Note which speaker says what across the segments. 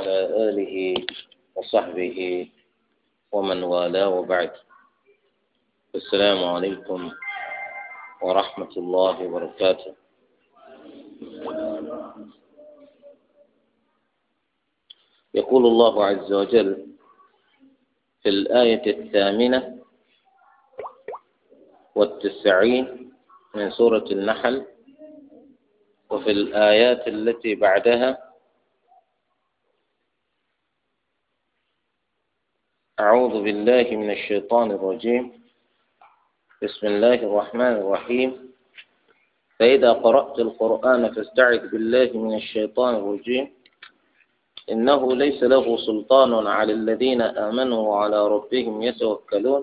Speaker 1: وعلى آله وصحبه ومن والاه وبعد السلام عليكم ورحمة الله وبركاته يقول الله عز وجل في الآية الثامنة والتسعين من سورة النحل وفي الآيات التي بعدها أعوذ بالله من الشيطان الرجيم بسم الله الرحمن الرحيم فإذا قرأت القرآن فاستعذ بالله من الشيطان الرجيم إنه ليس له سلطان على الذين آمنوا وعلى ربهم يتوكلون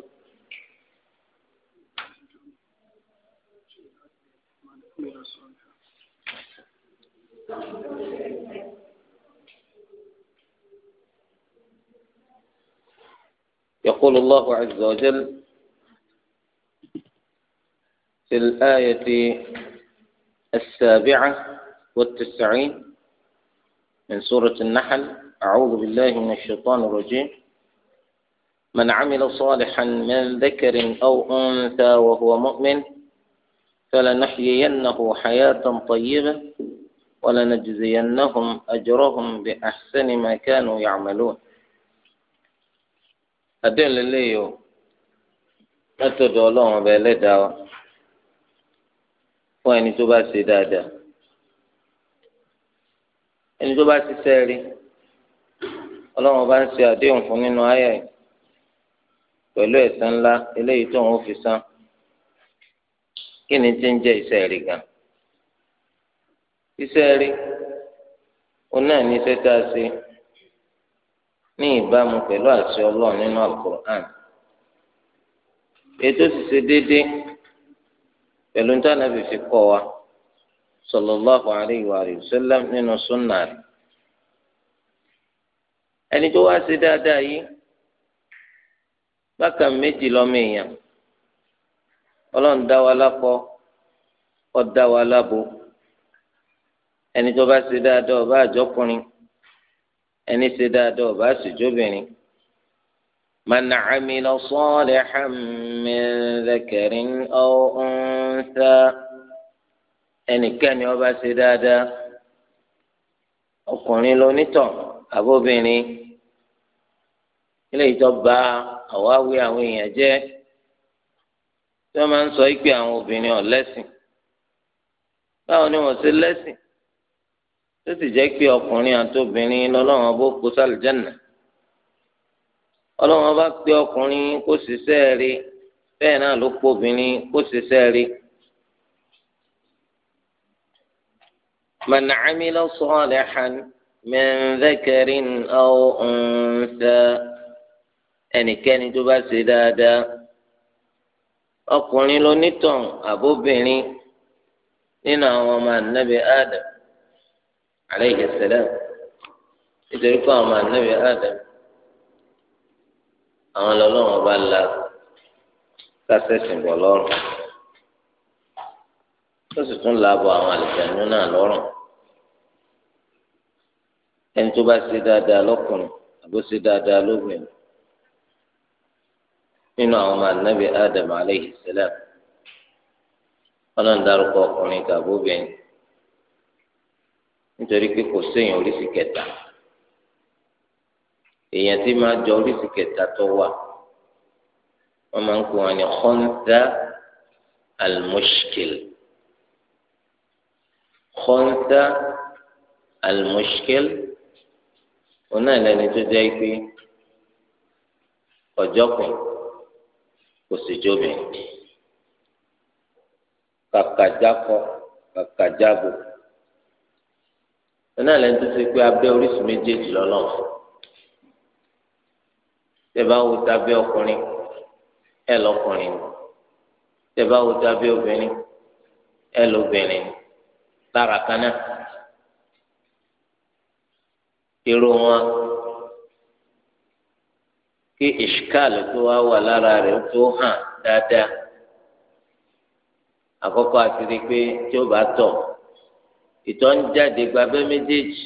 Speaker 1: يقول الله عز وجل في الآية السابعة والتسعين من سورة النحل أعوذ بالله من الشيطان الرجيم من عمل صالحا من ذكر أو أنثى وهو مؤمن فلنحيينه حياة طيبة ولنجزينهم أجرهم بأحسن ما كانوا يعملون àdéhùn lélẹ́yìí o látọ̀dọ̀ ọlọ́run ọba ẹlẹ́dàá wa fún ẹni tó bá ṣe dáadáa ẹni tó bá ṣiṣẹ́ rí ọlọ́run ọba ń ṣe àdéhùn fún nínú ayé yìí pẹ̀lú ńlá eléyìí tó ń fi san kí ni ti ń jẹ́ iṣẹ́ rí gan iṣẹ́ rí òun ní iṣẹ́ tá a ṣe. ní ìbámu pẹ̀lú àṣẹ ọlọ́run nínú alukur'an ètò sì déédéé pẹ̀lú níta nàbì fi kọ́ wa alayhi wa sallam nínú súnà rẹ̀ ẹni tó wá ṣe dáadáa yìí bákan méjì lọ́mọ èèyàn ọlọ́run dá wa lápọ̀ dá wa lábo ẹni tó bá ṣe dáadáa ọba àjọkùnrin. ẹni ṣe dáadáa ọba àṣìjọbìnrin man amila salihan min dhakarin aw untha ẹnikẹ́ni ọba ṣe dáadáa ọkùnrin lónítàn àbóbìnrin ilé ìjọba àwáwí àwọn èèyàn jẹ́ tí wọ́n máa ń sọ ìpè àwọn obìnrin ọ̀lẹ́sìn báwo ni wọ́n ṣe lẹ́sìn tó sì jẹ́ pé ọkùnrin àti obìnrin lọ́lọ́wọ́n bó kó sálìjánà ọlọ́wọ́n bá pé ọkùnrin kó ṣiṣẹ́ rí bẹ́ẹ̀ náà ló pọ̀ obìnrin kó ṣiṣẹ́ rí. من عمل صالحا من ذكر أو أنثى ẹnikẹ́ni tó bá ṣe dáadáa ọkùnrin ló nítàn àbóbìnrin nínú àwọn ọmọ ànábì alayhi salam nítorí pé àwọn ànábì Adam àwọn lọ́lọ́run bá la kásẹ̀sìn bọ̀ lọ́rùn ó sì tún laabọ̀ àwọn àlùjáde náà lọ́rùn ẹni tó bá ṣe dáadáa lọ́kùnrin àbó ṣe dáadáa lóbìnrin nínú àwọn ọmọ ànábì Adam alayhi salam ọlọ́run dárúkọ ọkùnrin tàbí obìnrin nítorí pé kò séèyàn oríṣi kẹta èèyàn tí máa jọ oríṣi kẹta tó wà wọn máa ń pè wọn ní kọ́ńtà almushkil kọ́ńtà almushkil wọn náà lẹni tó jẹ́ pé ọjọ́kùn kò sì jóbìn kàkàjákọ kàkàjábò nínú àlẹ́ tó ṣe pé abẹ́ orísun méjèèjì lọ́lọ́ tẹ̀bá wo tábẹ́ ọkùnrin ẹ̀ lọ́kùnrin tẹ̀bá wo tábẹ́ obìnrin ẹ̀ lóbìnrin lára kan náà irú wọn kí ìṣkáàlì tó wá wà lára rẹ̀ tó hàn dáadáa àkọ́kọ́ àti rí i pé tí ó bá tọ̀. ìtọ́ ń jáde gba abẹ́ méjèèjì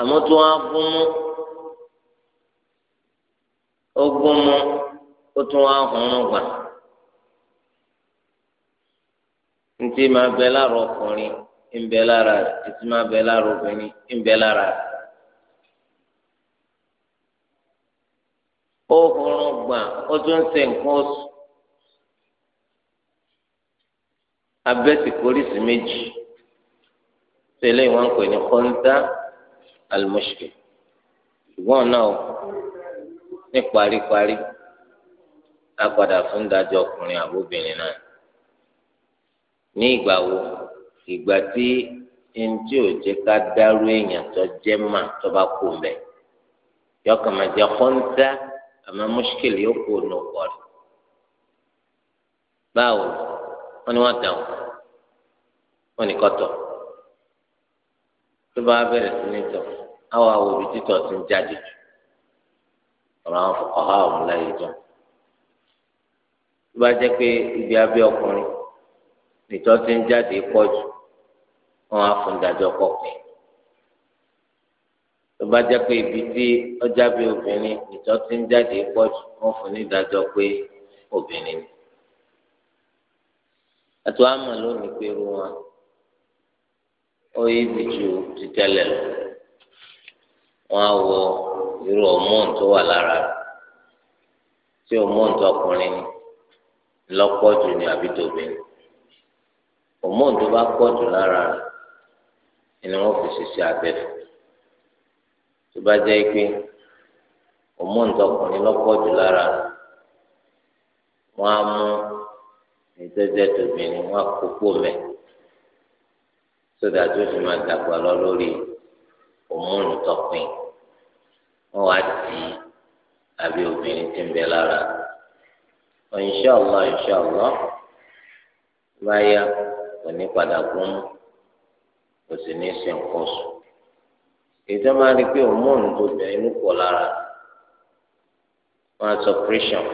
Speaker 1: àmọ́ tó wá gún ó gún ó tún wá hùnrùn gbà ntí máa bẹ lára ọkùnrin abẹ́sì polisi méjì tẹ́lẹ̀ wọ́n ń pè ní kọ́ńtà àlùmọ́ṣìkè ṣùgbọ́n náà ní paríparí á padà fún dájọ́ ọkùnrin àbóbìnrin náà ní ìgbà wo ìgbà tí ntí ò jẹ́ ká dárú èèyàn tó jẹ́ mà tó bá kú mbẹ́ yọkàn máa jẹ kọ́ńtà àmọ́ mọ́ṣíkèlì yóò kó nù pọ̀ báwo wọn ni wọn dàn wọn ni kọtọ tó bá bẹ̀rẹ̀ sí ní tọ àwọn awòbí títọ ti ń jáde jù ọ̀rọ̀ àwọn fọkànlá ọhún láyé jọ tó bá jẹ́ pé ibi abẹ́ ọkùnrin nìtọ ti ń jáde pọ̀ jù wọn á fún dájọ́ tó bá pé ibi tí ọjà bí obìnrin nìtọ ti ń àti wàá mọ̀ lónìí pé irú wọn ó yí ibi ju ti tẹ́lẹ̀ lọ wọn á wọ irú ọmọọ̀n tó wà lára rẹ̀ tí ọmọọ̀n tó ọkùnrin ni lọ́pọ̀ àbí tóbìnrin ọmọọ̀n tó bá pọ̀ lára ni wọ́n fi ṣiṣẹ́ abẹ fún tó bá jẹ́ pé ọmọọ̀n tó ọkùnrin lọ́pọ̀ lára rẹ̀ á mú ìtẹ́jẹ́ tóbi ni wọ́n kókó mẹ́ sódà tó fi máa dàgbà lọ lórí òmùnù tọpin wọ́n wá di àbí obìnrin tí ń bẹ lára inshallah inshallah báyà kò ní padà gún kò sì ní ṣe nǹkan sùn ètò máa rí i pé òmùnù tó bẹ̀rẹ̀ pọ̀ lára wọ́n á sọ pírẹ́sàn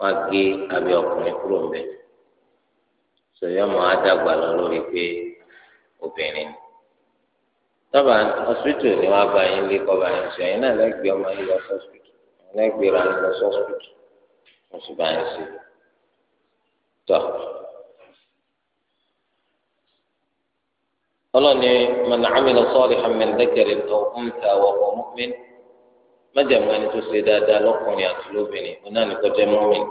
Speaker 1: wá gé abẹ́ ọkùnrin kúrò ń bẹ sọyọ mọ adagba lọ lórí pé obìnrin ni tọ́ba ọ̀sìpìtì ni wọ́n bá yín lé kọ́ bá yín sọ yín náà lẹ́gbẹ̀ẹ́ ọmọ yín lọ sọ́sìpìtì lẹ́gbẹ̀ẹ́ ra lọ sọ́sìpìtì wọ́n sì bá yín sí tọ́. ọlọ́ni mọ̀nà àmì lọ sọ́ọ́lì hàmẹ́ńdẹ́kẹ̀rẹ̀ tó ń ta wọ́pọ̀ mọ́kùnrin májàmú ẹni tó ṣe dáadáa lọ́kùnrin àti lóbìnrin òun náà ní kọjá mọ́mìn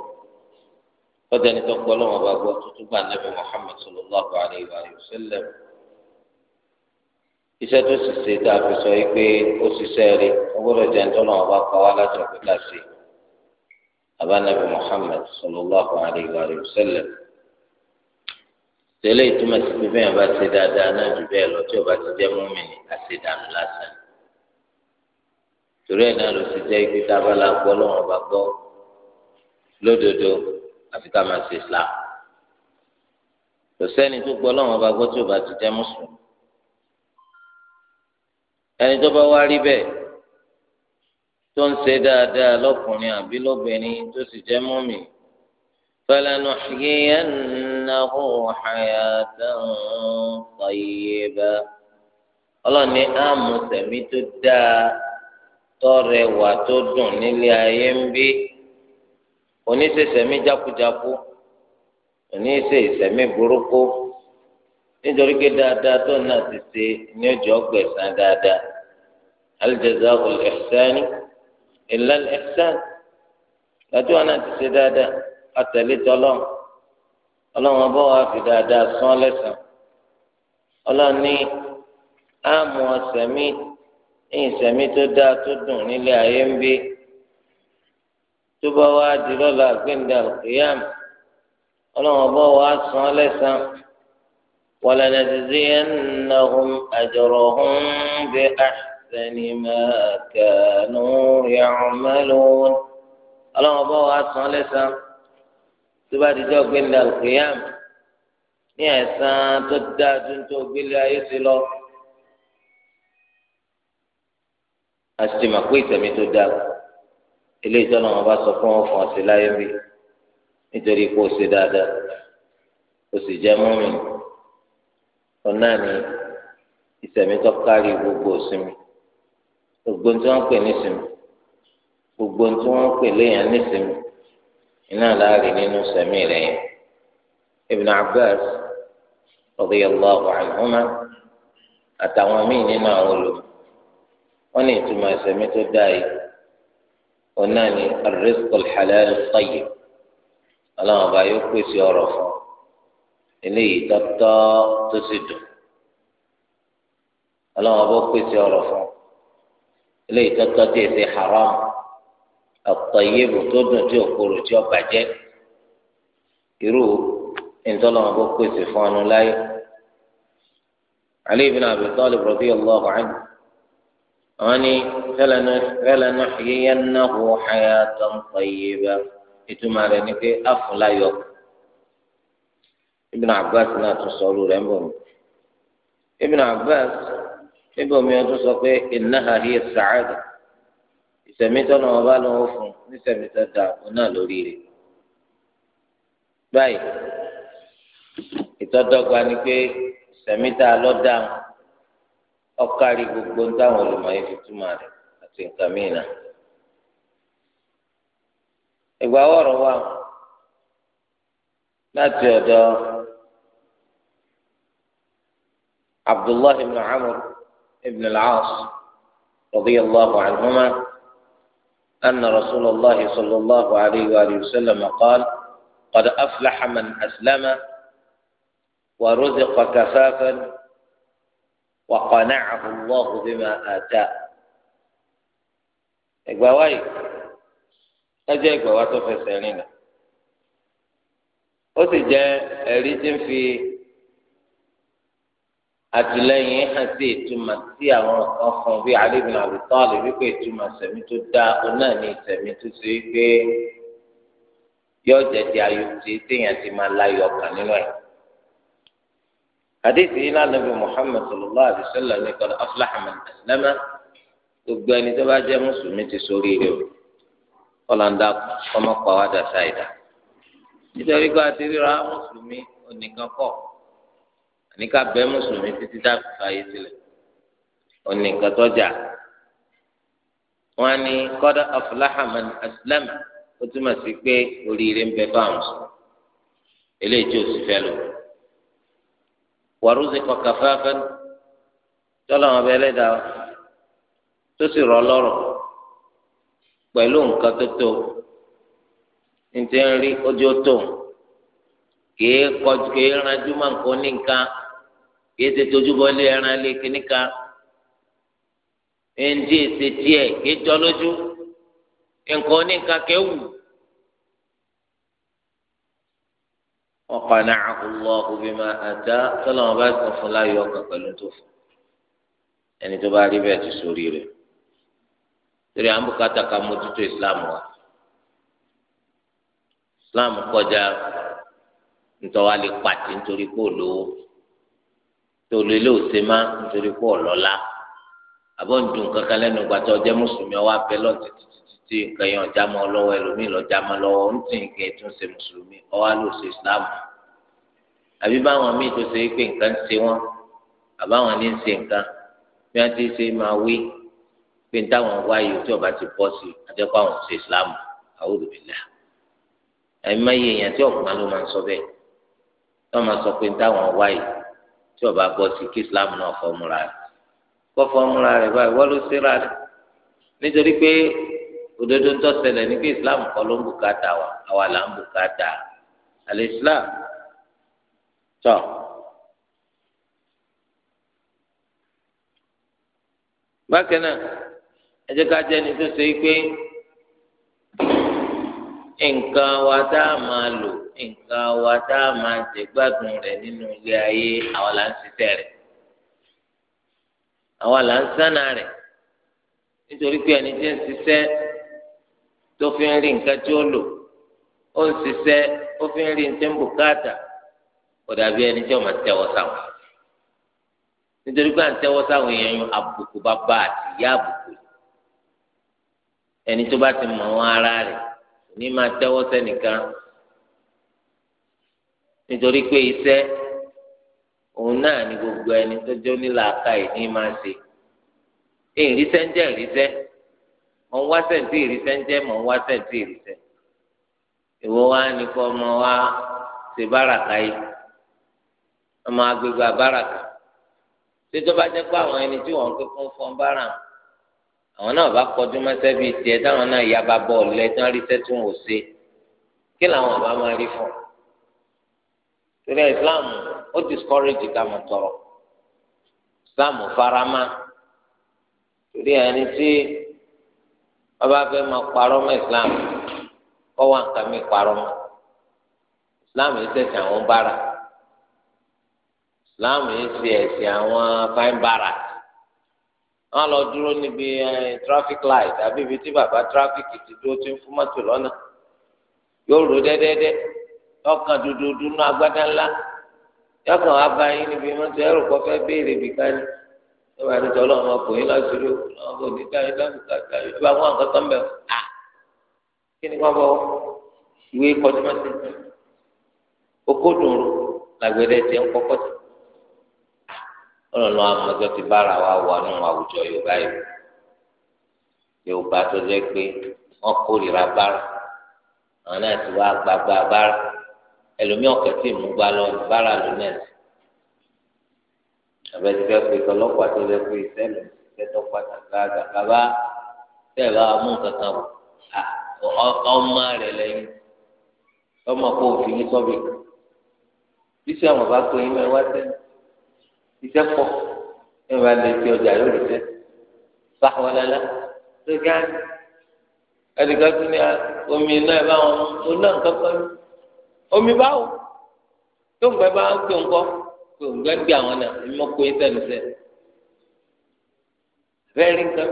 Speaker 1: kọjá ẹni tó gbọ́ lọ́wọ́ bá gbọ́ tuntun gbà nàbì Muhammad sallallahu alayhi wa sallam iṣẹ́ tó sì ṣe tá a fi sọ yìí pé ó ṣiṣẹ́ rí ọgbọ́dọ̀ jẹ́ ń tọ́nà ọba pa wá láti ọ̀pẹ́ ká sí abánabi Muhammad sallallahu alayhi wa sallam tẹ́lẹ̀ ìtumọ̀ sí pé bẹ́ẹ̀ bá ṣe dáadáa náà jù bẹ́ẹ̀ lọ tí ọba ti jẹ́ mọ́mìn torí ẹ̀ náà ló ti jẹ́ ibi tá a bá la gbọ́ lọ́wọ́ bá gbọ́ lódodo àfi ká máa ṣe islam kò sẹ́ni tó gbọ́ lọ́wọ́ bá gbọ́ tí ò bá ti jẹ́ mùsùlùmí ẹni tó bá wá rí bẹ́ẹ̀ tó ń ṣe dáadáa lọ́kùnrin àbí lóbìnrin tó sì jẹ́ mọ́mì falanuhyiyannahu hayatan tayyiba ọlọ́ni àmú tẹ̀mí tó dáa. Tɔrɛ wà tó dùn nílé ayé ń bí oníṣẹ̀ṣẹ̀mí jákujáku oníṣẹ̀ṣẹ̀mí burúkú nítorí pé dáadáa tó náà ti ṣe ní ọjọ́ dáadáa al-jazā'u al láti wọn náà ti se dáadáa àtẹ̀lé tọ́lọ́ ọlọ́run fi dáadáa ní ìsẹ̀mí tó dáa tó dùn nílé ayé ń bí tó bá wá di lọ́la gbẹ̀ndà òkèèyàn ọlọ́wọ́n bá wá san án lẹ́sàn ولنجزينهم أجرهم بأحسن ما كانوا يعملون ọlọ́wọ́n bá wá san án lẹ́sàn tó bá di jọ́ gbẹ̀ndà òkèèyàn ní ẹ̀san tó dáa tó ń tó gbélé ayé sí lọ. asima pé ìtẹ̀mí tó dáa eléyìí tọ́nà wọn bá sọ fún ọ̀fọ̀n sí láyé rí nítorí pé ó ṣe dáadáa ó sì jẹ́ mọ́mì ọ̀nà ni ìtẹ̀mí tó kárí gbogbo òsinmi gbogbo tí wọ́n pè nísinmi gbogbo tí wọ́n pè léèyàn nísinmi iná láàrin nínú sẹ̀mí rẹ̀ yẹn Ibn Abbas radiyallahu anhuma àtàwọn míì nínú àwọn olùmọ̀ wọ́n ní ìtumọ̀ ìsẹ̀mí tó dáa yìí wọ́n náà ní ar-rizqul halal at-tayyib ọlọ́run ọba yóò pèsè ọ̀rọ̀ fún eléyìí tọ́tọ́ tó sì dùn ọlọ́run ọba pèsè ọ̀rọ̀ fún eléyìí tọ́tọ́ tí èsì haram at-tayyib tó dùn tí òkúrò tí ó bàjẹ́ irú ìtọ́lọ́run ọba pèsè fún ọ̀nà láyé Ali ibn Abi Talib radiyallahu anhu. أني فلنحيينه حياة طيبة إتما لنك أفلا يق ابن عباس لا تصلوا لهم ابن عباس ابن يتصف إنها هي السعادة ìsẹ̀mítọ́ náà wọ́n bá lọ́wọ́ fún nísẹ̀mítọ́ da òun náà lórí rẹ̀. báyìí ìtọ́dọ́gba ni pé ìsẹ̀mítọ́ alọ́dáhùn ọkari gbogbo ń dáhùn táwọn olùmọye fi túmọ̀ rẹ̀ àti nǹkan mìíràn. ìgbà wọ̀rọ̀ wa láti ọ̀dọ̀ abdullahi muhammed ibn al-aas rọ̀bí allahu anhuma anna rasulallah sallallahu alayhi wa sallam qaal qad aflaxa man aslama wa ruziqa kafafan. وقنعه الله بما آتاه ẹgbà wáyé ẹjẹ ẹgbà wá tó fẹsẹ̀ rìn lọ ó sì jẹ ẹ̀rí tí ń fi àtìlẹ́yìn hàn sí ìtumọ̀ sí àwọn kan fún bí Ali ibn Abi Talib wípé ìtumọ̀ sẹ̀mí tó dá òun náà ní ìsẹ̀mí tó ṣe wípé yóò jẹ́ ti ayò tí téèyàn ti máa láyọ̀ kan nínú ẹ̀. حديث إلى النبي محمد صلى الله عليه وسلم قال أفلح من أسلم gbogbo ẹni tó bá jẹ mùsùlùmí ti sórí rẹ o kọlọńdà kọmọkọ wa dà sáìdà nítorí pé àti ríra mùsùlùmí onìkan kọ àníkà bẹ mùsùlùmí títí dáàbò fàyè sílẹ̀ onìkan tọjà wọn ni kọdà afúláhàmán asilámà ó túmọ̀ sí pé oríire ń bẹ fáwọn mùsùlùmí eléyìí tí ò sì fẹ́ lò ó wàrúzikọ kàfáfẹ́ tọ́lọ̀ wọn bẹ ẹlẹ́dàá tó sì rọ lọ́rọ̀ pẹ̀lú nǹkan tó tó ntí ń rí ojú tó kìí kọjú kìí ranjú máa ń kó ní nǹkan kìí ṣe tójú bọ́lé ẹran lé kíní kan ntí èsì kìí jọ lójú nǹkan ní nǹkan وقنعه الله بما أتاه سلام بعد فلا يوقع pẹ̀lú tó fún ẹni tó bá rí bẹ́ẹ̀ ti sórí rẹ̀ torí àwọn bùkátà ká mójútó islam wa islam kọjá ntọ́wá lè pàtì nítorí pé ò lówó tó òsè má nítorí pé ò àbọ̀ ń dùn kankan lẹ́nu ìgbà tó ọjọ́ mùsùlùmí ọwọ́ abẹ́ lọ́tẹ̀tẹ̀ tí nǹkan yẹn ọjà mọ́ lọ́wọ́ ẹlòmíì lọ́jà mọ́ lọ́wọ́ ń tì nǹkan ẹ̀ tún ṣe mùsùlùmí ọwá ló ṣe islam àbí báwọn míì tó ṣe pé nǹkan ń ṣe wọn àbáwọn ní ń ṣe nǹkan bí wọ́n ti ṣe máa wí pé táwọn wá yìí tí ọba ti bọ́ sí àjẹpọ̀ àwọn ṣe islam a'udhu billah ẹ̀mí máa yẹ èèyàn tí ọ̀gbọ́n ló máa ń sọ bẹ́ẹ̀ tí wọ́n máa sọ pé táwọn wá tí ọba bọ́ sí kí islam náà fọmúra rẹ̀ kọ́ fọmúra rẹ̀ báyìí wọ́n ló ṣe rà nítorí pé òdodo tó ṣẹlẹ̀ ní pé islam kọ́ ló ń bùkátà wa àwa là ń bùkátà àlè islam tọ. bákan náà ẹ jẹ́ ká jẹ́ ẹni tó ṣe é pé nǹkan wa tá a máa lò nǹkan wa tá a máa jẹ gbádùn rẹ̀ nínú ilé ayé àwa là ń ṣiṣẹ́ rẹ̀ àwa là ń sánà rẹ̀ nítorí pé ẹni tí ń ṣiṣẹ́ tó fi ń rí nǹkan tí ó lò ó ń ṣiṣẹ́ ó fi ń rí ní tẹ́ḿbù káàtà kò dàbí ẹni tí ó máa tẹ́wọ́ sáwọn nítorí pé à ń tẹ́wọ́ sáwọn èèyàn yun àbùkù bàbá àti ìyá àbùkù ẹni tó bá ti mọ̀ wọn ara rẹ̀ ní máa tẹ́wọ́ sẹ́nìkan nítorí pé iṣẹ́ òun náà ni gbogbo ẹni tó jó nílà ní máa ṣe èyí ríṣẹ́ ń jẹ́ ìríṣẹ́ mọ̀ ń wá sẹ́ǹtì ìrìsẹ́ ń jẹ́ mọ̀ wá sẹ́ǹtì ìrìsẹ́ ìwọ wa ni kọ́ ọmọ wa ṣe báràkà yìí ọmọ agbègbè àbáràkà títọ́ba jẹ́ pé àwọn ẹni tí wọ́n ń pín fún fún bára àwọn náà bá kọjú mọ́sẹ́ bíi tiẹ̀ táwọn náà yaba bọ́ọ̀lù ẹ̀tàn ríṣẹ́ tí wọ́n ò ṣe kí làwọn àbá máa rí fún un torí Islam ó discourage ká tọrọ Islam farama torí ẹni tí. ọba fẹ́ ma parọ́ islam kọwa wà mi parọ́ mọ́ islam yìí ṣẹ̀ṣẹ̀ àwọn bára islam yìí ṣe ẹ̀sìn àwọn fáin bára wọn lọ dúró níbi traffic light àbí ibi tí bàbá traffic ti dúró tí ń fún mọ́tò lọ́nà yóò rò dẹ́dẹ́dẹ́ dúdú dúnú ńlá yọkàn bá yín níbi béèrè bìkan ni. lọ́wọ́ àdìjọ́ ọlọ́run ọkùnrin láti rí ọkọ̀ nígbà yìí láti kàkà yìí lọ́wọ́ àwọn nǹkan tó ń bẹ̀ à kí ni wọ́n bọ̀ ìwé kọ́tùmọ́tì okòdùnrún làgbẹ̀dẹ ti ń kọ́kọ́ tì ọlọ́run amọ̀jọ́ ti bára wa wà nínú àwùjọ yorùbá yìí yorùbá tó jẹ́ pé wọ́n kórìíra bára àwọn náà ti wá gba bára ẹlòmíọ̀kẹ́ sì mú gba lọ bára lónìí àbẹ̀tí fẹ́ pé tọlọ́pàá tó lẹ pé sẹ́lẹ̀ tẹ́tọ́ pàtàkì àgàkàbá tẹ́lẹ̀ amú kankan bọ̀ ọmọ rẹ̀ lẹ́yìn ọmọ kó òfin ní sọ́bì iṣẹ́ àwọn bá pé yín mẹ́wàá sẹ́yìn iṣẹ́ pọ̀ ẹ̀ máa lè fi ọjà yóò rí sẹ́ báwọn lẹ́la tó gá ẹnìkan tún ní omi iná ẹ̀ bá wọn mú oná nǹkan kan omi báwo tó ń gbẹ bá ń gbé nǹkan pé òǹgbẹ gbé àwọn náà èmi mọ kó yín sẹnu sẹ rẹrí nǹkan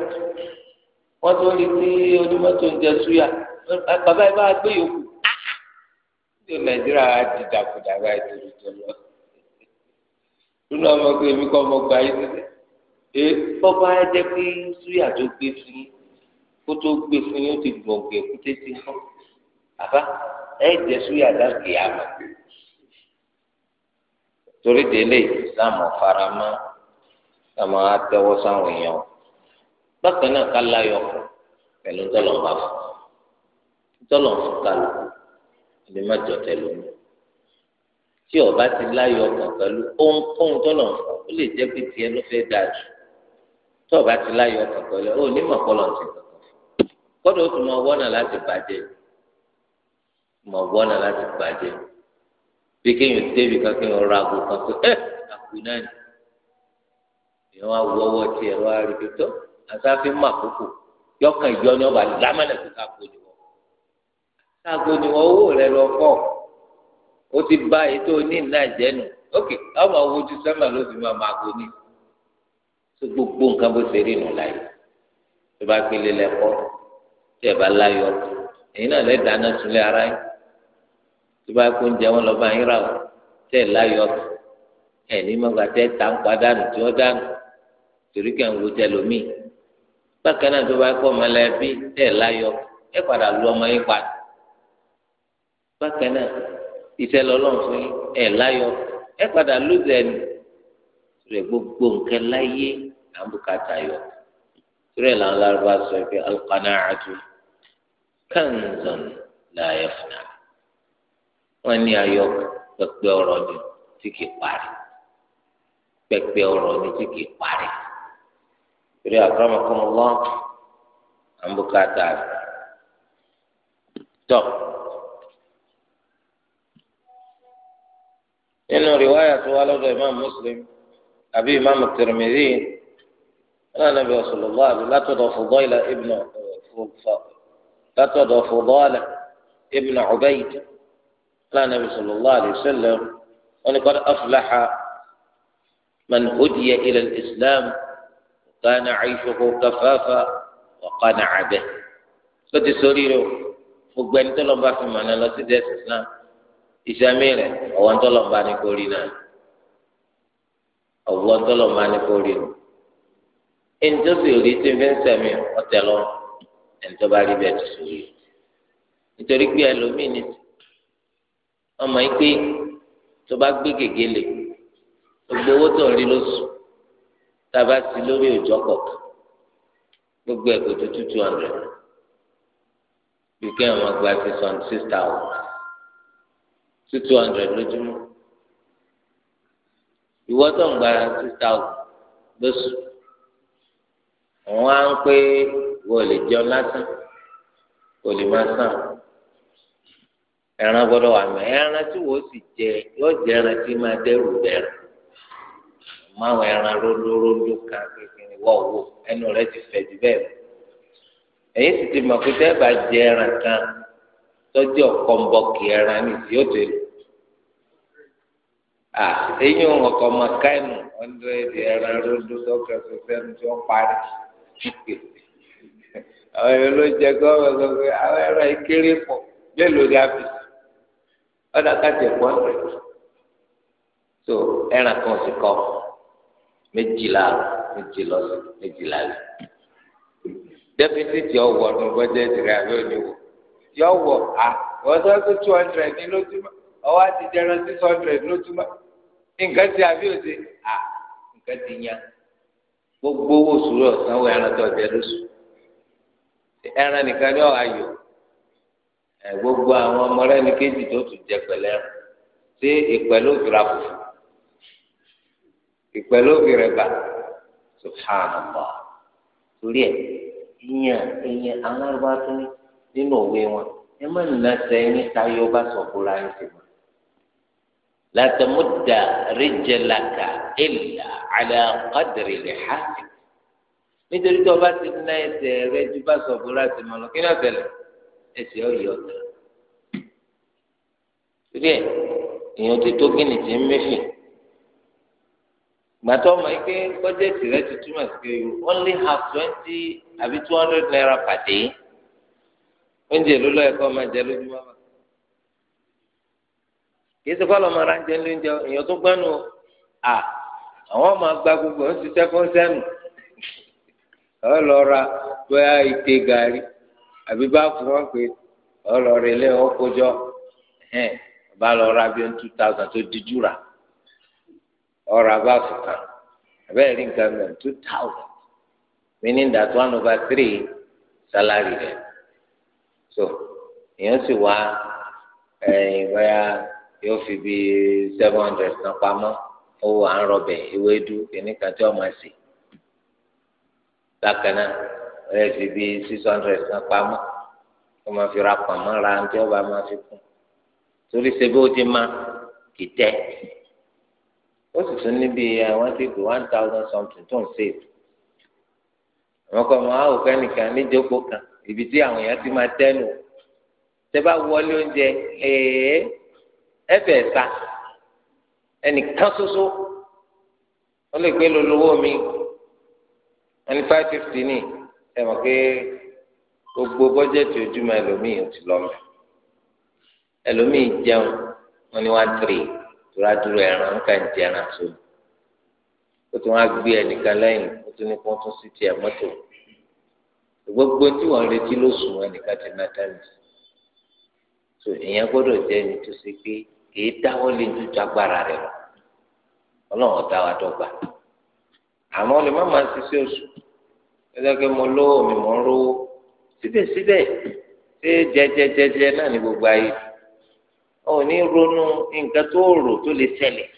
Speaker 1: wọn tó rí sí onímọ́tò ń jẹ súyà bàbá ẹ bá gbé yòókù tí o nàìjíríà di dàkúdà báyìí torí tó lọ nínú ọmọ pé èmi kọ́ ọmọ gba yín sílẹ̀ èyí tó bá jẹ́ pé súyà tó gbé fún yín kó tó gbé fún yín ó ti gbọ̀ngàn èkúté sí fún bàbá ẹ jẹ súyà dákìá mọ́ torí délé islam ọ̀farama kàmá àtẹwọ́ sáwọn èèyàn bákan náà ká láyọ̀ fún pẹ̀lú ntọ́lọ́mà fún ntọ́lọ́mà fún kálù ẹni má jọ tẹ̀lé mi tí ọba ti láyọ̀ ọkàn pẹ̀lú ohunkóhun tọ́lọ́mà fún ó lè jẹ́ pé tiẹ̀ ló fẹ́ dáa jù tí ọba ti láyọ̀ ọkàn pẹ̀lú ó ní mọ̀kọ́lọ̀ ti kọ́dọ̀ ó tún mọ ọwọ́ náà láti bàjẹ́ mọ ọwọ́ náà láti bàjẹ́ bí kéèyàn débi kan kéèyàn ra àgbo kan pé ẹ àgbo náà ni èèyàn wá wọ ọwọ́ tiẹ̀ wá rí i tó àtàfin mà kókò yọkàn ìjọ ni ọba lámàlẹ tó káàgó ni wọn káàgó ni wọn owó rẹ lọ fọ ó ti bá ètò ní nàìjẹ nù ókè ọmọ wojú sẹmà ló fi máa máa gò ní tó gbogbo nǹkan bó ṣe rí nù láyé tó bá gbélé lẹkọ tí ẹ bá láyọ èyí náà lẹ dáná sunlé ara yìí tó bá kó oúnjẹ wọn lọ bá yín rà ó tẹ̀ láyọ̀ ẹ̀ ní mọ̀gbà tẹ́ ta ń padànù tí wọ́n dànù torí kẹ́ ń wo tẹlómi bákan náà tó bá kọ́ ọmọlẹ́bí tẹ̀ láyọ̀ ẹ padà lu ọmọ yín padà bákan náà iṣẹ́ lọ́lọ́run fún yín ẹ̀ láyọ̀ ẹ padà lóde ẹni rẹ̀ gbogbo nǹkan láyé à yọ rẹ̀ là lárúbá sọ pé alqana'atu kanzun la yafna wọn ní ayọ pẹpẹ ọrọ ni tí kìí parí pẹpẹ ọrọ ni tí kìí parí torí àkàràmọkọmọ lọ àmbùkátà tọ.
Speaker 2: nínú rìwáyà
Speaker 1: tó imam muslim àbí imam tirmidhi wọn nàbẹ ọsọlọlọ àbí látọ̀dọ̀ fudayla ibnu ibnu النبي صلى الله عليه وسلم ولقد أفلح من هدي إلى الإسلام كان عيشه كفافا وقنع به lọ́tí sórí rẹ̀ gbogbo ẹni tó lọ́n bá fi mọ̀nà lọ sí dẹ́sí islam ìsàmì rẹ̀ ọ̀wọ́ ń tọ́lọ̀ bá ní kó rí náà ọ̀wọ́ ń tọ́lọ̀ bá ní kó rí o ẹni tó sì rí tí fi ń sẹ̀mí ọ̀tẹ̀ lọ ẹni tó bá rí bẹ́ẹ̀ tó sórí nítorí pé ẹlòmíì ní ọmọ yìí pé tó bá gbé gègé lè
Speaker 2: gbogbo owó tó ń rí lóṣù
Speaker 1: tàbá sí lórí òjò kọ̀ọ̀kan gbogbo ẹ̀ kò tó two two hundred bíkẹ́ àwọn gba six hundred six thousand two two hundred lójúmọ́ ìwọ tó ń gba six thousand lóṣù àwọn á ń pé wọ́n lè jẹun lásán kò lè máa sàn. ẹran gbọ́dọ̀ wà mẹ ẹran tí wọ́n sì jẹ yóò jẹ ẹran tí máa dẹrù máwọn ẹran rólóróńdó kan kékeré wọ́n ẹnu rẹ ti fẹ̀ jù bẹ́ẹ̀ lọ sì ti mọ̀ pé tẹ́ bá jẹ ẹran kan tọ́jú ọ̀kọ́ ń kí ẹran òtò à ọmọ káìmù ẹran tí parí àwọn àwọn ìkéré a ọdọ akájọ ẹkọ so ẹran kan sì kọ méjìlá méjìlá méjìlá rẹ dẹfisiti ọwọ ọdún bọjẹti rẹ abẹ oníwò yọ wọ a wọn sọ two hundred ní lójúmọ́ ọwọ àti jẹrán six hundred lójúmọ́ nǹkan ti àbí òde a nǹkan ti yan gbogbo owó sùúrù ọ̀sán wo ẹran tó ọjẹ lóṣù ẹran nìkan ni ọ ayò. gbogbo àwọn ọmọ rẹ ní kéjì tó tún jẹ pẹ̀lẹ́ ṣé ìpẹlú fùfù ìpẹlú òfìrẹ gbà subhanallah torí ẹ ìyẹn ìyẹn àwọn arúgbó tó ní nínú òwe wọn ẹ má nà sẹ ẹni táyọ bá sọ fúnra ẹ sì mọ látọmúdà rìjẹlàkà ìlà àlà kádìrì lè hàfi nítorí tó bá ti ná ẹsẹ̀ rẹ ju bá sọ fúnra ẹ sì mọ lọ kí ni ọ̀sẹ̀ lẹ ẹsẹ̀ ọ̀yọ́ ọ̀tún. Torí ẹ̀ èèyàn ti tó gíní ti ń mẹ́fì. Gbàtọ́ ọmọ yìí pé bọ́jẹ̀tì rẹ ti túmọ̀ sí pé only have twenty àbí two hundred naira per day. Oúnjẹ ló lọ ẹ̀kọ́ máa jẹ lójúmọ́ bá. Kì í ṣe kọ́ lọ́mọ aráńjẹ lóúnjẹ èèyàn tó gbẹ́nu à àwọn ọmọ àgbà gbogbo ń ṣiṣẹ́ fún sẹ́nu. Ọ̀ lọ ra bóyá ike gàrí àbí bá fún wọn pé ọlọrin ilé ọkọjọ bá lọ ra bí two thousand tó díjú rà ọ̀rọ̀ abá fún kan abẹ́rẹ́ rí nǹkan mẹ́rin two thousand meaning that one over three salary rẹ̀ so èèyàn sì wá ẹ̀yìn bóyá yóò fi bí seven hundred kan pamọ́ owó à ń rọbẹ̀ ewédú kìnnìkan tí wọ́n máa sè bákan ẹ fi bí six hundred kan pamọ́ kó máa fi ra pamọ́ ra ní ọba máa fi kún torí ṣe bí ó ti má kì í tẹ́ ó sì tún níbi àwọn tí kò one thousand something tó ń save àwọn kan máa wò pé nìkan níjókòó kan ibi tí àwọn èèyàn ti máa tẹ́nu tẹ́ bá wọlé oúnjẹ ẹ̀ẹ́ ẹ̀fẹ̀ ta ẹnìkan ṣoṣo ó lè gbé lolówó mi ẹni five fifty ní. ẹ mọ̀ pé gbogbo bọ́jẹ̀tì ojúmọ́ ẹlòmíì ti lọ mọ́ ẹlòmíì jẹun wọn ni wọn tiri tura dúró ẹran ń kàn tó o tún wá gbé ẹnìkan lẹ́yìn o tún ní kó tún sí tiẹ̀ mọ́tò gbogbo tí wọn retí ló sùn ẹnìkan ti ná tẹ́lẹ̀ tó ìyẹn gbọ́dọ̀ jẹ́ ẹni tó ṣe pé kìí dáwọ́ lé ju agbára rẹ lọ ọlọ́run wa àmọ́ máa ṣiṣẹ́ oṣù. ẹgbẹ́ pé mo lówó mi mò ń rówó síbẹ̀síbẹ̀ ṣé jẹjẹjẹjẹ náà ní gbogbo ayé ò ní ronú nǹkan tó rò tó lè ṣẹlẹ̀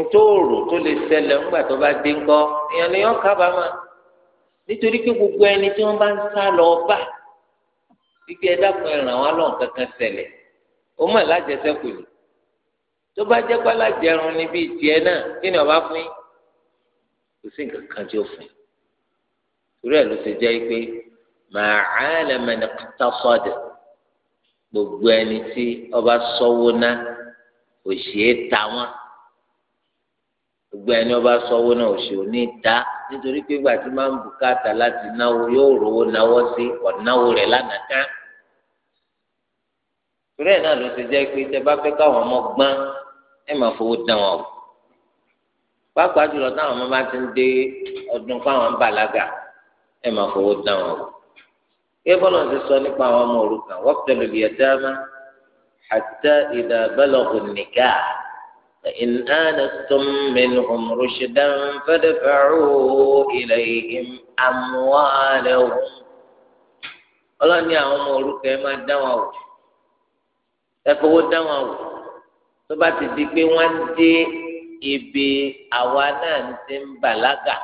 Speaker 1: ntòòrò tó lè ṣẹlẹ̀ ńgbà tó bá dé ńkọ́ èèyàn ni yọ́n nítorí pé gbogbo ẹni tí bá ń sá lọ bá kan kankan ó ni tó bá ni bíi torí ẹ̀ ló ṣe jẹ́ pé màálẹ̀ mẹ́nìkítàfọ́dẹ̀ gbogbo ẹni tí ọba sọ́wọ́ náà òṣì é ta wọn gbogbo ẹni ọba sọ́wọ́ náà òṣì ò ní ta nítorí pé ìgbà tí máa ń bùkátà láti náwó yóò rówó náwó sí ọ̀náwó rẹ̀ lánàá tán torí ẹ̀ náà ló ṣe jẹ́ pé tẹ bá fẹ́ káwọn ọmọ gbọ́n ẹ máa fowó dán wọn o pàápàá jùlọ táwọn ọmọ bá ti ń dé ọdún fáwọn ń bàlágà ẹ máa fowó dá wọn o kí bọ́lá ti sọ nípa àwọn ọmọ òrukàn wabtalu al-yatama hatta idha balaghu an-nikah فإن آنستم منهم رشدا فادفعوا إليهم أموالهم ọlọ́run ní àwọn ọmọ òrukàn ẹ máa dá wọn wò ẹ fowó dá wọn wò tó bá ti di pé wọ́n dé ibi àwa náà ti ń bàlágà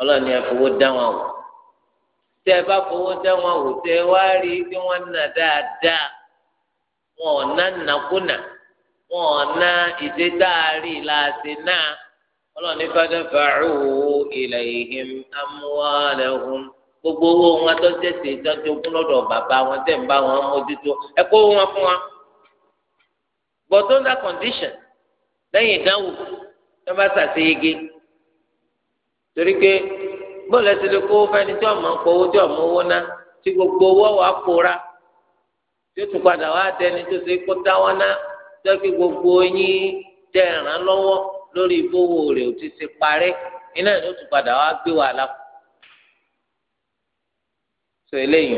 Speaker 1: ọlọ́run ni ẹ fowó dá wọn wò tẹ ẹ bá fowó dá wọn wò tẹ ẹ wá rí i pé wọ́n nà dáadáa wọn ò ná nàkúnà wọn ò ná ìdè dáàrí làásì náà ọlọ́run ní fẹ́ẹ́ fẹ́ẹ́ ilẹ̀ ìhìn amúhálẹ́hùn gbogbo owó wọn tó tẹ̀sí ìtọ́jú ogún bàbá wọn tẹ̀ ń bá wọn mójútó ẹ kó wọn fún wa but under condition lẹ́yìn ìdánwò ẹ bá torí ke bọ́ọ̀lù ẹsẹ̀ lè kó fẹ́ni tí ọmọ nǹkan owó tí ọmọ owó ná tí gbogbo owó wà kóra tí ó tún padà wá dẹni tó ṣe kó ná tó kí gbogbo yín tẹ ẹ̀ràn lọ́wọ́ lórí ìbówó rẹ̀ ò ti ṣe parẹ́ iná tún padà wá gbé sọ eléyìí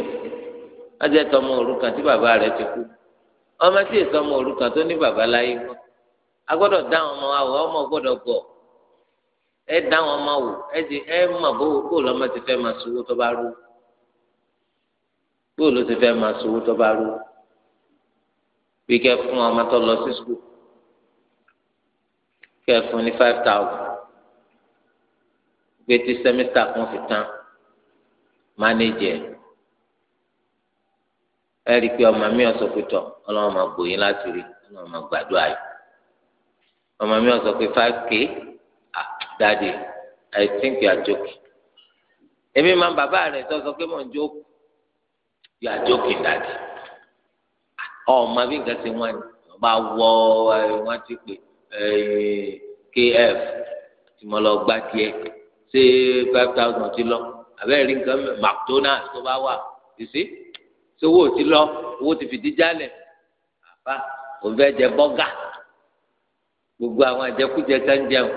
Speaker 1: wọ́n jẹ́ tọmọ òrukàn tí bàbá rẹ̀ ti kú ọmọ tí èso ọmọ ẹ dá wọn máa wò ẹ di ẹ mà bówó kó lọ́mọ ti fẹ́ máa sowó tó bá rú kó ló ti fẹ́ máa sowó tó bá rú bí kẹ́ fún ọmọ tó lọ sí sukùl kẹ́ fún ní five thousand gbé tí sẹ́mítà kan fi tán mánéjì ẹ̀ ẹ rí i pé ọmọ mi ọ̀sọ̀ pé tọ̀ ọlọ́run máa láti rí ọlọ́run gbàdúrà yìí ọmọ mi ọ̀sọ̀ pé five k Daddy, I think you are joking. Èmi máa ń bàbá rẹ̀ tó sọ pé mò ń jókòó. You are joking, Daddy. Ọmọ bí nǹkan ti wọ́n ni. Bá wọ wọ́n ti pè KF tí mo lọ gbá tiẹ̀ ṣé five thousand ti lọ. Àbẹ́rẹ́ rí nǹkan McDonald's tó bá wà. You see? Ṣé owó ti lọ? Owó ti fìdí jálẹ̀. Àbá òun fẹ́ jẹ bọ́gà. Gbogbo àwọn àjẹkújẹ kan jẹun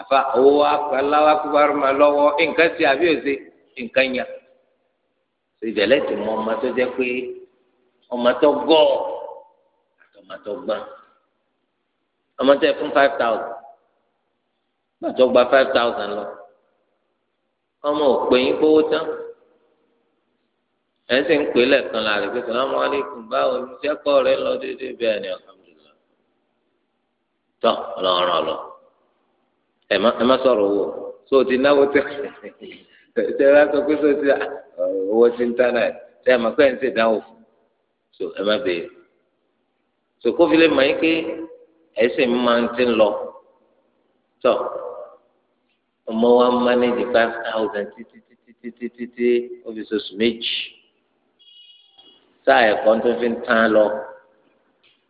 Speaker 1: àfa owó aláwa kúbarú ma lọ́wọ́ nǹkan ti àbí òsè nǹkan yàn ìdẹ̀lẹ́ ti mọ ọmọ tó jẹ́ pé ọmọ tó gọ̀ àtọmọ tó gbọ́n ọmọ tó yẹ fún five thousand gbàtọ́ gba five thousand lọ ọmọ òpè yín gbówó tán ẹ̀ ń sì ń pè lẹ́ẹ̀kan láàrin pé sàlámù alaykum báwo ni sẹ́kọ̀ọ́ rẹ lọ déédéé bẹ́ẹ̀ ni alhamdulilah tọ́ ọlọ́run ọlọ́run ẹ má sọ̀rọ̀ owó so ti náwó tẹ tẹ bá sọ pé so ti owó ti ń tán náà tẹ ẹ mọ̀ pé ẹ ń ṣèdánwò fún so ẹ má béèrè so kófí lè mọ̀ yín pé ẹ sì máa ń ti ń lọ tọ ọmọ wa manage five thousand títí títí títí títí ó fi sọ sùn méjì sáà ẹ̀kọ́ tó fi ń tán lọ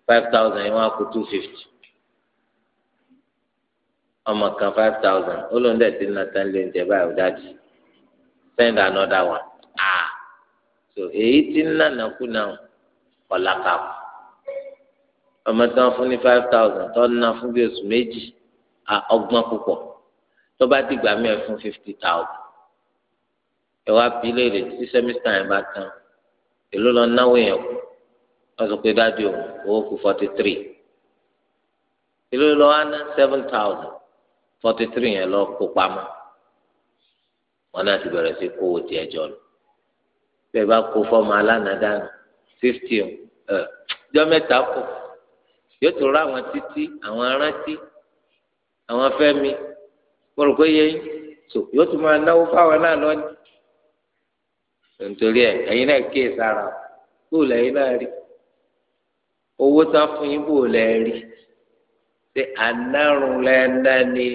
Speaker 1: five thousand yẹn wọ́n kó two fifty ọmọ kan five thousand ó lóun dẹ̀ ti na tán lé oúnjẹ báyìí dájú send another one ah so èyí tí ń nà nàkú náà ọ̀làkà ọmọ tí wọ́n fún ní five thousand tó ń ná fún bí oṣù méjì ọgbọ́n púpọ̀ tó bá dìgbà mẹ́ẹ̀ fún fifty thousand ẹ wá bí léèrè tí sẹ́mísítà yẹn bá tán èló lọ náwó yẹn kù wọ́n sọ pé dájú òun owó kù forty three èló lọ́wọ́ á ná seven thousand forty three yẹn lọ kó pamọ́ wọn náà ti bẹ̀rẹ̀ sí kówó tiẹ̀ jọ lọ bẹ́ẹ̀ bá kó fọ́ọ̀mù alánàdánù fifty ẹ jọ mẹ́ta kù yóò tún rá àwọn títí àwọn arántí àwọn fẹ́mi mo rò pé yẹn so yóò tún máa náwó fáwọn náà lọ ní nítorí ẹ ẹ̀yin náà kíyè sára bóòlù ẹ̀yin náà rí owó tán fún yín bóòlù ẹ rí ṣe ànárun lẹ́ẹ̀dá ni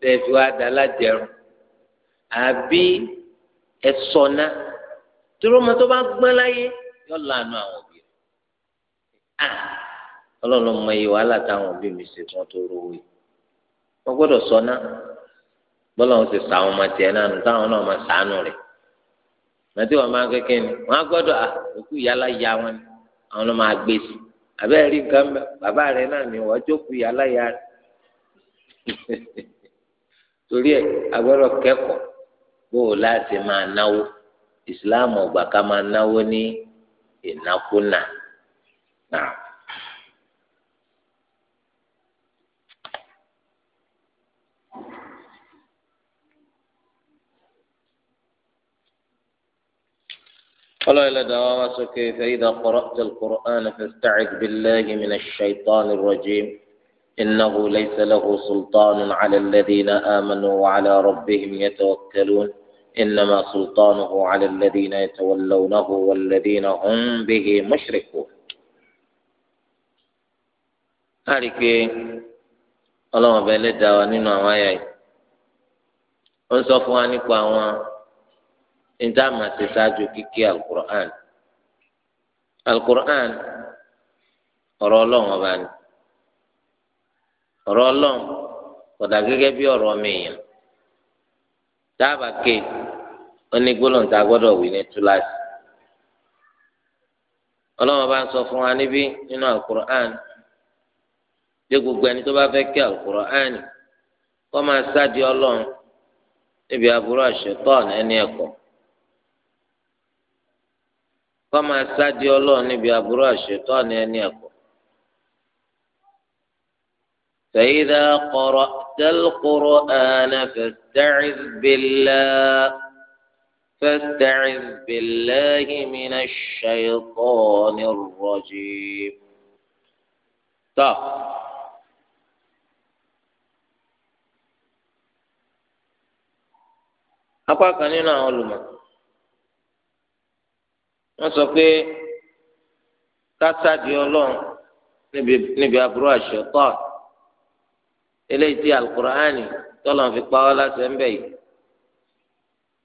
Speaker 1: ṣe fi wá dá lájẹrun àbí ẹ̀sọ́nà torí ọmọ tó bá gbọ́n láyé yọ lànà àwọn òbí rẹ̀ à ọlọ́run mọ iye wàhálà táwọn òbí mi ṣe fún tó rówó yìí wọ́n gbọ́dọ̀ sọ́nà bọ́lá ti sàwọn ọmọ tiẹ̀ náà nù táwọn náà máa sàánù rẹ̀ nàti wọn máa kékeré ni wọn á gbọ́dọ̀ à òkú yàrá ya wọn ni àwọn náà máa gbé sí i abẹ́ rí nǹkan mẹ́ bàbá rẹ náà ni wọ́n jókòó yà láyà rẹ̀ torí ẹ̀ agbọ́dọ̀ kẹ́kọ̀ọ́ bó o láti máa náwó ìsìláàmù ọgbà ká máa náwó ní ìnákúnà náà. قال إلى دواوس كيف إذا قرأت القرآن فاستعذ بالله من الشيطان الرجيم إنه ليس له سلطان على الذين آمنوا وعلى ربهم يتوكلون إنما سلطانه على الذين يتولونه والذين هم به مشركون ذلك اللهم بلد وننوى ويأي أنصفوا أنكوا níta máa ṣe ṣáájú kíké alukur'an alukur'an ọ̀rọ̀ ọlọ́run ọba ni ọ̀rọ̀ ọlọ́run kódà gẹ́gẹ́ bí ọ̀rọ̀ mìíràn dábàá ké bá ń sọ fún wa níbí nínú alukur'an bí gbogbo ẹni tó bá fẹ́ alukur'an máa ọlọ́run níbi aburú àṣetọ́ ẹni ẹ̀kọ́. kọ́ máa sáde ọlọ́run níbi aburú àṣetọ́ ni ẹni ẹ̀kọ́. فإذا قرأت القرآن فاستعذ بالله فاستعذ بالله من الشيطان الرجيم طب apá kan nínú àwọn olùmọ̀ wọ́n sọ pé kásádì ọlọ́run níbi aburú àṣẹ tọ́ eléyìí tí alukur'ani tọ́lọ̀ fi pa ọ́ láti ẹ̀ ń bẹ̀ yìí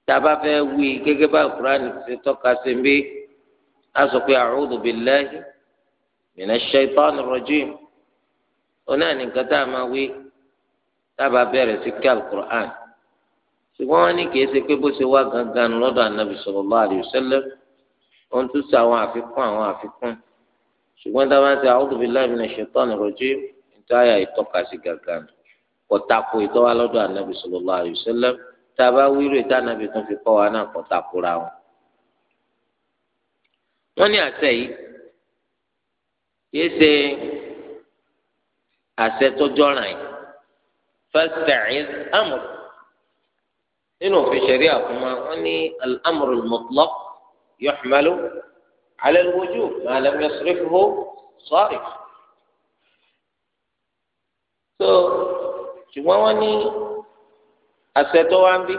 Speaker 1: tàbá fẹ́ wí gẹ́gẹ́ bá alukur'ani ti tọ́ka sí ń bí a sọ pé a'udhu billahi minash shaitanir rajim oní ànìkan tá a máa wí tábà bẹ̀rẹ̀ sí kí alukur'ani ṣùgbọ́n wọ́n ní kì ṣe pé bó ṣe wá gangan lọ́dọ̀ ànábì sallallahu alaihi wọn tún sọ àwọn àfikún àwọn àfikún ṣùgbọ́n tá a bá ń sọ a'udhu billahi minash shaitani rajim nítorí àyà ìtọ́ka sí gàgà ni kọ̀tàkù ìtọ́wá lọ́dọ̀ ànábì sallallahu alaihi wasallam tá a bá wíwèé tá ànábì tún fi kọ́ wa náà kọ̀tàkù ra wọn. wọ́n ní àṣẹ yìí yéé ṣe àṣẹ tó jọ̀ràn yìí fastaiz amr nínú òfin ṣẹ̀ríà fún wa ní al-amru يحمل على الوجوب ما لم يصرفه صارف so ṣùgbọ́n wọ́n ní àṣẹ tó wá ń bí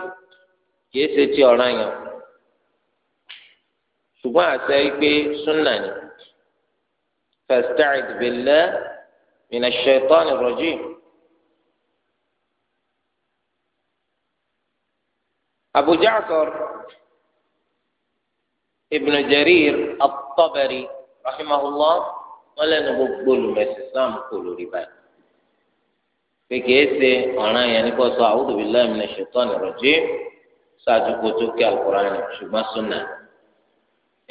Speaker 1: kìí ṣe ti ọ̀ràn yẹn ṣùgbọ́n àṣẹ pé súnà ni fasta'id billah min ash-shaytan ar-rajim Abu ibn jarir at-tabari rahimahullah wọn lẹ́nu gbogbo olùmẹsì islam kò lórí báyìí kékeré ṣe ọ̀ràn yẹn nípa sọ a'udhu billahi minash shaitani rajim ṣáàtú kó tó kí alukur'an ṣùgbọ́n sunna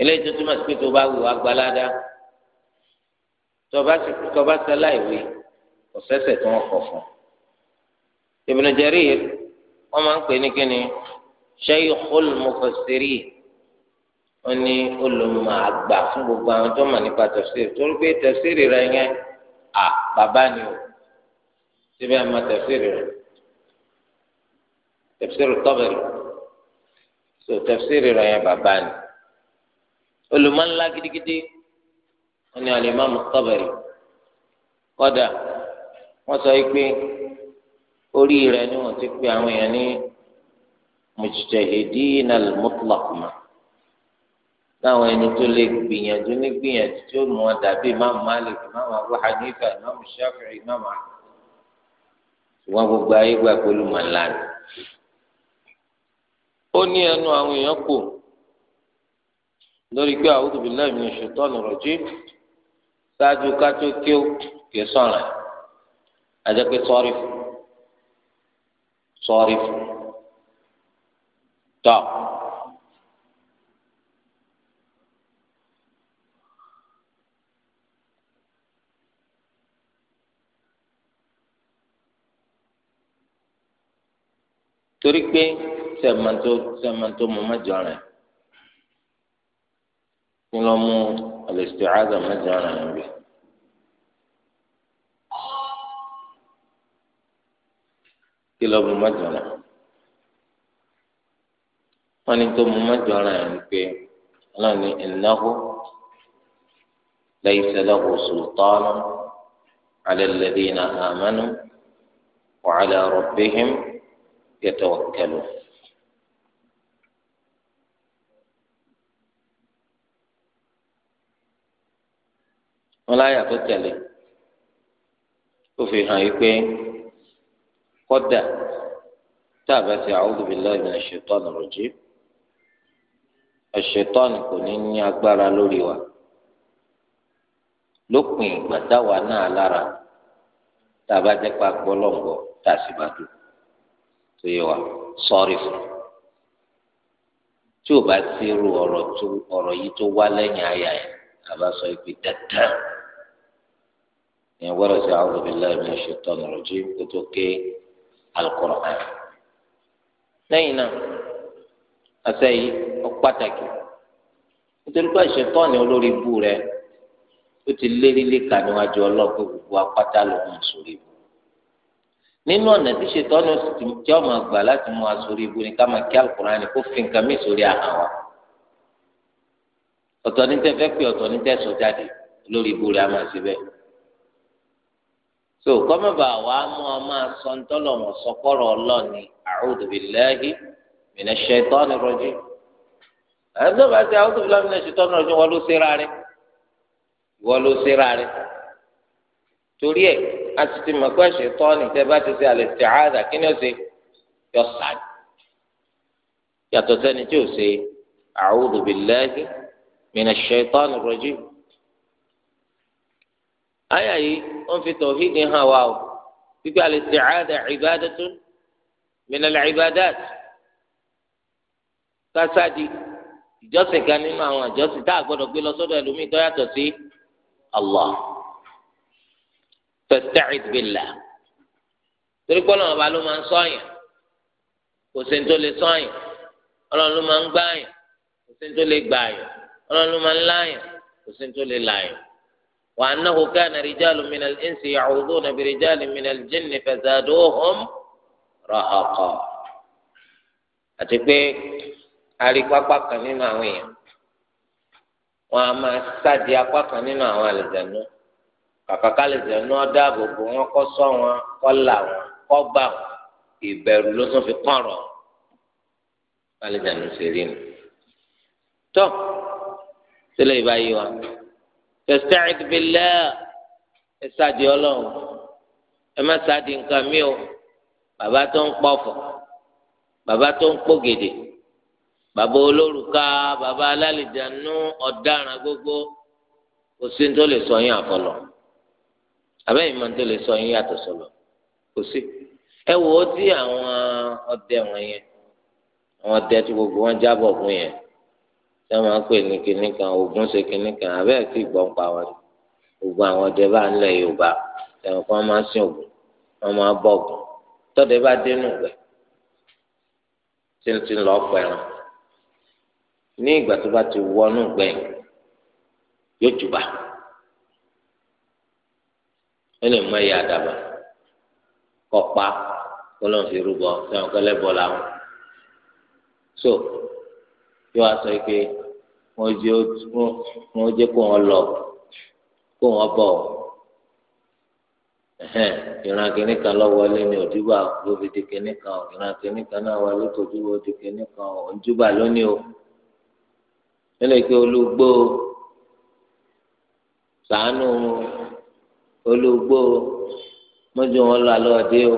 Speaker 1: eléyìí tó túmọ̀ sí pé tó bá wù wá gbalada tó bá sẹ́lá ìwé kò sẹ́sẹ̀ tó wọ́n kọ̀ fún ibn jarir wọ́n máa ń pè ní kíni shaykhul mufassirin wọn ní olùmọ̀ àgbà fún gbogbo àwọn tó mọ̀ nípa tẹ̀síìrì torí pé tẹ̀síìrì rẹ yẹn à bàbá ni o síbẹ̀ ẹ̀ mọ tẹ̀síìrì rẹ tẹ̀síìrì tọ́bẹ̀rì so tẹ̀síìrì rẹ yẹn bàbá ni olùmọ̀ ńlá gidigidi wọn ní alimami tọ́bẹ̀rì kọ́dà wọ́n sọ yìí pé orí rẹ ni wọ́n ti pe àwọn èèyàn ní mujtahidin láwọn ẹni tó lè gbìyànjú ní gbìyànjú tí ó mú wọn dàbí imáàmù Malik ma Abu Hanifa imáàmù Shafi'i imáàmù Ahmad ṣùgbọ́n gbogbo ayé gbà pé olùmọ̀lá ó ní ẹnu àwọn èèyàn kò lórí pé a'udhu billahi minash shaitanir rajim ṣáájú ká tó kí ó Ka í sọ̀rọ̀ àjẹ́ pé sọ́ọ́rì fún sọ́ọ́rì fún torí pé sẹ̀mọ̀tò sẹ̀mọ̀tò mọ̀ mẹ́jọ rẹ̀ kí ló mú al-isti'adha mẹ́jọ rẹ̀ níbi. kí ló mú mẹ́jọ rẹ̀ wọ́n ní tó mú mẹ́jọ rẹ̀ ni pé wọ́n ní ìnáwó lẹyìn innahu laysa lahu alẹ lẹbi iná amanu wàhálà 'ala rabbihim. يتوكلون ولا يتوكل وفي هايكين قد تابت أعوذ بالله من الشيطان الرجيم الشيطان كنين أكبر لوريوا lópin ìgbà táwa náà lára tá a bá jẹ́ pa gbọ́lọ́ngbọ́ tá a sì bá dùn tó yẹ wa sọrí fún tí o bá ti ru ọ̀rọ̀ tó ọ̀rọ̀ yìí tó wá lẹ́yìn àyà yẹn àbá sọ pé dandan ìyẹn gbọ́dọ̀ sí àwọn òbílẹ ìmọ ṣètò ọ̀rọ̀ tí kò tó ké Al-Qur'an lẹ́yìn náà àṣẹ yìí ó pàtàkì nítorí pé ṣètò ni olórí ibú rẹ ó ti lérí léka níwájú ọlọ́ọ̀ gbogbo apáta ló ń sórí ibú nínú ọ̀nà tí ṣètọ́nù tí ó máa gbà láti mú wa sórí ibu ni ká máa kí alukurani kó fi nǹkan mí sórí ahọ́n wa ọ̀tọ̀ ní tẹ́fẹ́ pé ọ̀tọ̀ ní tẹ́ jáde lórí ibu rẹ̀ a máa ṣe bẹ́ẹ̀. so kọ́mọ̀bà wa mú ọ máa sọ ńtọ́lọ̀ wọn sọkọ́rọ̀ ọlọ́ọ̀ni a'udhu billahi minash shaitani rajim. àwọn tó bá ti a'udhu billahi minash a ti ti mọ̀ pé ṣètánì tẹ́ bá ti ṣe al-isti'adha kí ni ó ṣe yọ sáàdì yàtọ̀ sẹ́ni tí ṣe rajim. àyà yìí wọ́n fi tawhid hàn wá o wípé al-isti'adha ibadatun min al-ibadat kásáàdì ìjọsìn kan nínú àwọn ìjọsìn tá a gbọ́dọ̀ gbé lọ ẹlòmíì tó Allah. fasta'idh billah torí pé ọlọ́run ọba ló máa ń sọ̀yàn kò sí ní tó lè sọ̀yàn ọlọ́run ló máa ń gbààyàn kò sí ní tó lè gbààyàn ọlọ́run ló máa ń láàyàn kò sí ní tó lè láàyàn. wa annahu kana rijalun minal insi ya'udhuna birijalin minal jinni fazaduhum rahaqa. àti pé àríkpákpá kan nínú àwọn èèyàn wọn a máa sáàdì apá kan nínú àwọn àlùjànnú kàkàkà lè jẹ ní ọdá àbòbò wọn kọ sọ wọn kọ là wọn kọ gbà wọn ìbẹ̀rù ló tún fi kọrọ alìjánu ṣe rí nu. tó sílẹ̀ ìbáyé wa tẹ̀sítẹ́ẹ̀d bílẹ̀ ẹ sáàdì ọlọ́run ẹ má sáàdì nǹkan mi o bàbá tó ń pọ̀fọ̀ bàbá tó ń pògèdè bàbá olórùka bàbá alálìjánu ọ̀daràn gbogbo kò sí ní tó lè sọ yín àfọlọ́ abẹ́yìn máa ń tó lè sọ yín yàtọ̀ sọ̀rọ̀ kò sí ẹ wò ó tí àwọn ọdẹ wọn yẹn àwọn ọdẹ tí gbogbo wọn jábọ̀ fún yẹn tí wọn máa ń pè ní kinní kan ogun ṣe kinní kan abẹ́ẹ̀ tí ìgbọ́n pa wọn gbogbo àwọn ọdẹ bá ń lẹ Yorùbá ẹ̀wọ̀n kan máa ń sin ògùn wọn máa bọ̀ ògùn tọ́dẹ bá dénú rẹ̀ tí ń ti lọ́ọ́ pẹ̀ràn ní ìgbà tó bá ti wọnú gbẹ̀yìn yóò jùbà ẹni mọ ẹyà àdàbà kọpa kọlọ́n fi rúbọ sẹ́wọ̀n kẹlẹ́ bọ́ làwọn so yóò wá sọ pé wọ́n jẹ́ wọ́n jẹ́ kó wọn lọ kó wọn bọ̀ ìran kìíní kan lọ wọlé ní òdìbò àgbòfi di kìíní kan ìran kìíní kan náà wọlé tó di kìíní kan òǹjúbà lónìí o nílẹ̀ pé olúgbó sàánú olùgbò mọ́jú wọn lọ àlọ́ ọdẹ o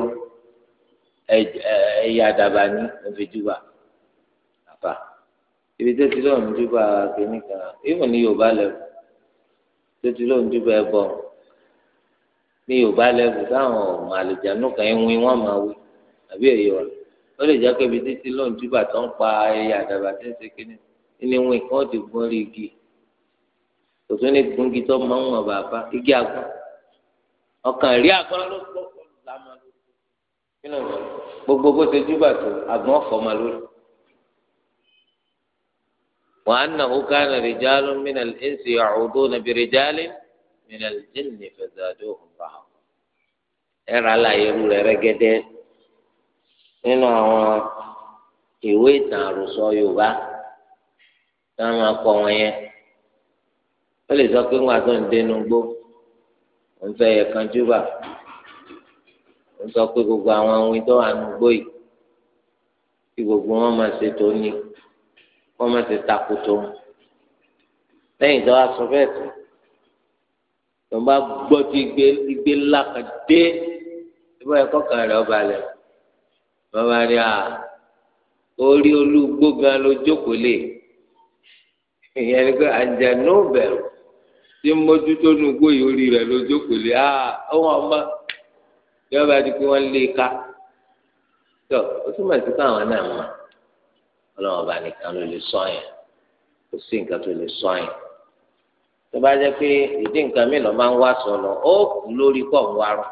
Speaker 1: ẹ̀yà àdàbà ní òfìjúbà àbá ibi tó ti lọ́ọ̀ níjúbà kìíní kan ìwọ̀n ní yorùbá lẹ́wọ̀ tó ti lọ́ọ̀ níjúbà ẹ̀ bọ̀ ní yorùbá lẹ́wọ̀ táwọn màlìjánú kan ń wí wọ́n máa wí àbí èyí wa ó lè jẹ́ pé ibi títí lọ́ọ̀ níjúbà tó ń pa ẹ̀yà àdàbà tó ń ṣe kìíní ní wọn kàn ti gbọ́n rí igi kò tó ní gungi tó máa ń wọn bàbá igi àgbọn ọkàn rí àgbọn ló kọ lámà lórí kí ló ń sọ gbogbo bó ṣe júbà tó àgbọn fọmà lórí. وأنه كان رجال من الإنس يعوذون برجال من الجن فزادوهم رهقا ẹ̀rọ aláyẹ̀rú rẹ̀ rẹ́gẹ́dẹ́ nínú àwọn ìwé ìtàn àròsọ Yorùbá táwọn akọ wọn yẹn ó lè sọ pé ńgbà tó ń dénú gbó ń fẹ́ yẹ kanjú bá ń sọ pé gbogbo àwọn ohun tó wà ní gbóyè kí gbogbo wọn máa ṣe tó ní wọn máa ṣe takò tó lẹ́yìn tó wá sọ bẹ́ẹ̀ tó tó bá gbọ́ tí igbe igbe ńlá kan dé tí wọ́n yẹ kọ́kàn ọba lẹ̀ bàbá rẹ̀ à orí olúgbó gan ló lè ìyẹn ni pé àjẹnú bẹ̀rù tí ń mójútó nugbó yìí orí rẹ̀ lójó kò lè á ah, ọmọ ọmọ yọba di pé wọ́n lé e ká tó o túmọ̀ sí káwọn náà mọ̀ ọlọ́run ọba nìkan ló lè sọ yẹn kò sí nǹkan tó lè sọ yẹn tó bá jẹ́ pé ìdí nǹkan mi máa ń wá sọ̀rọ̀ ó kù lórí pọ̀ ń warọ̀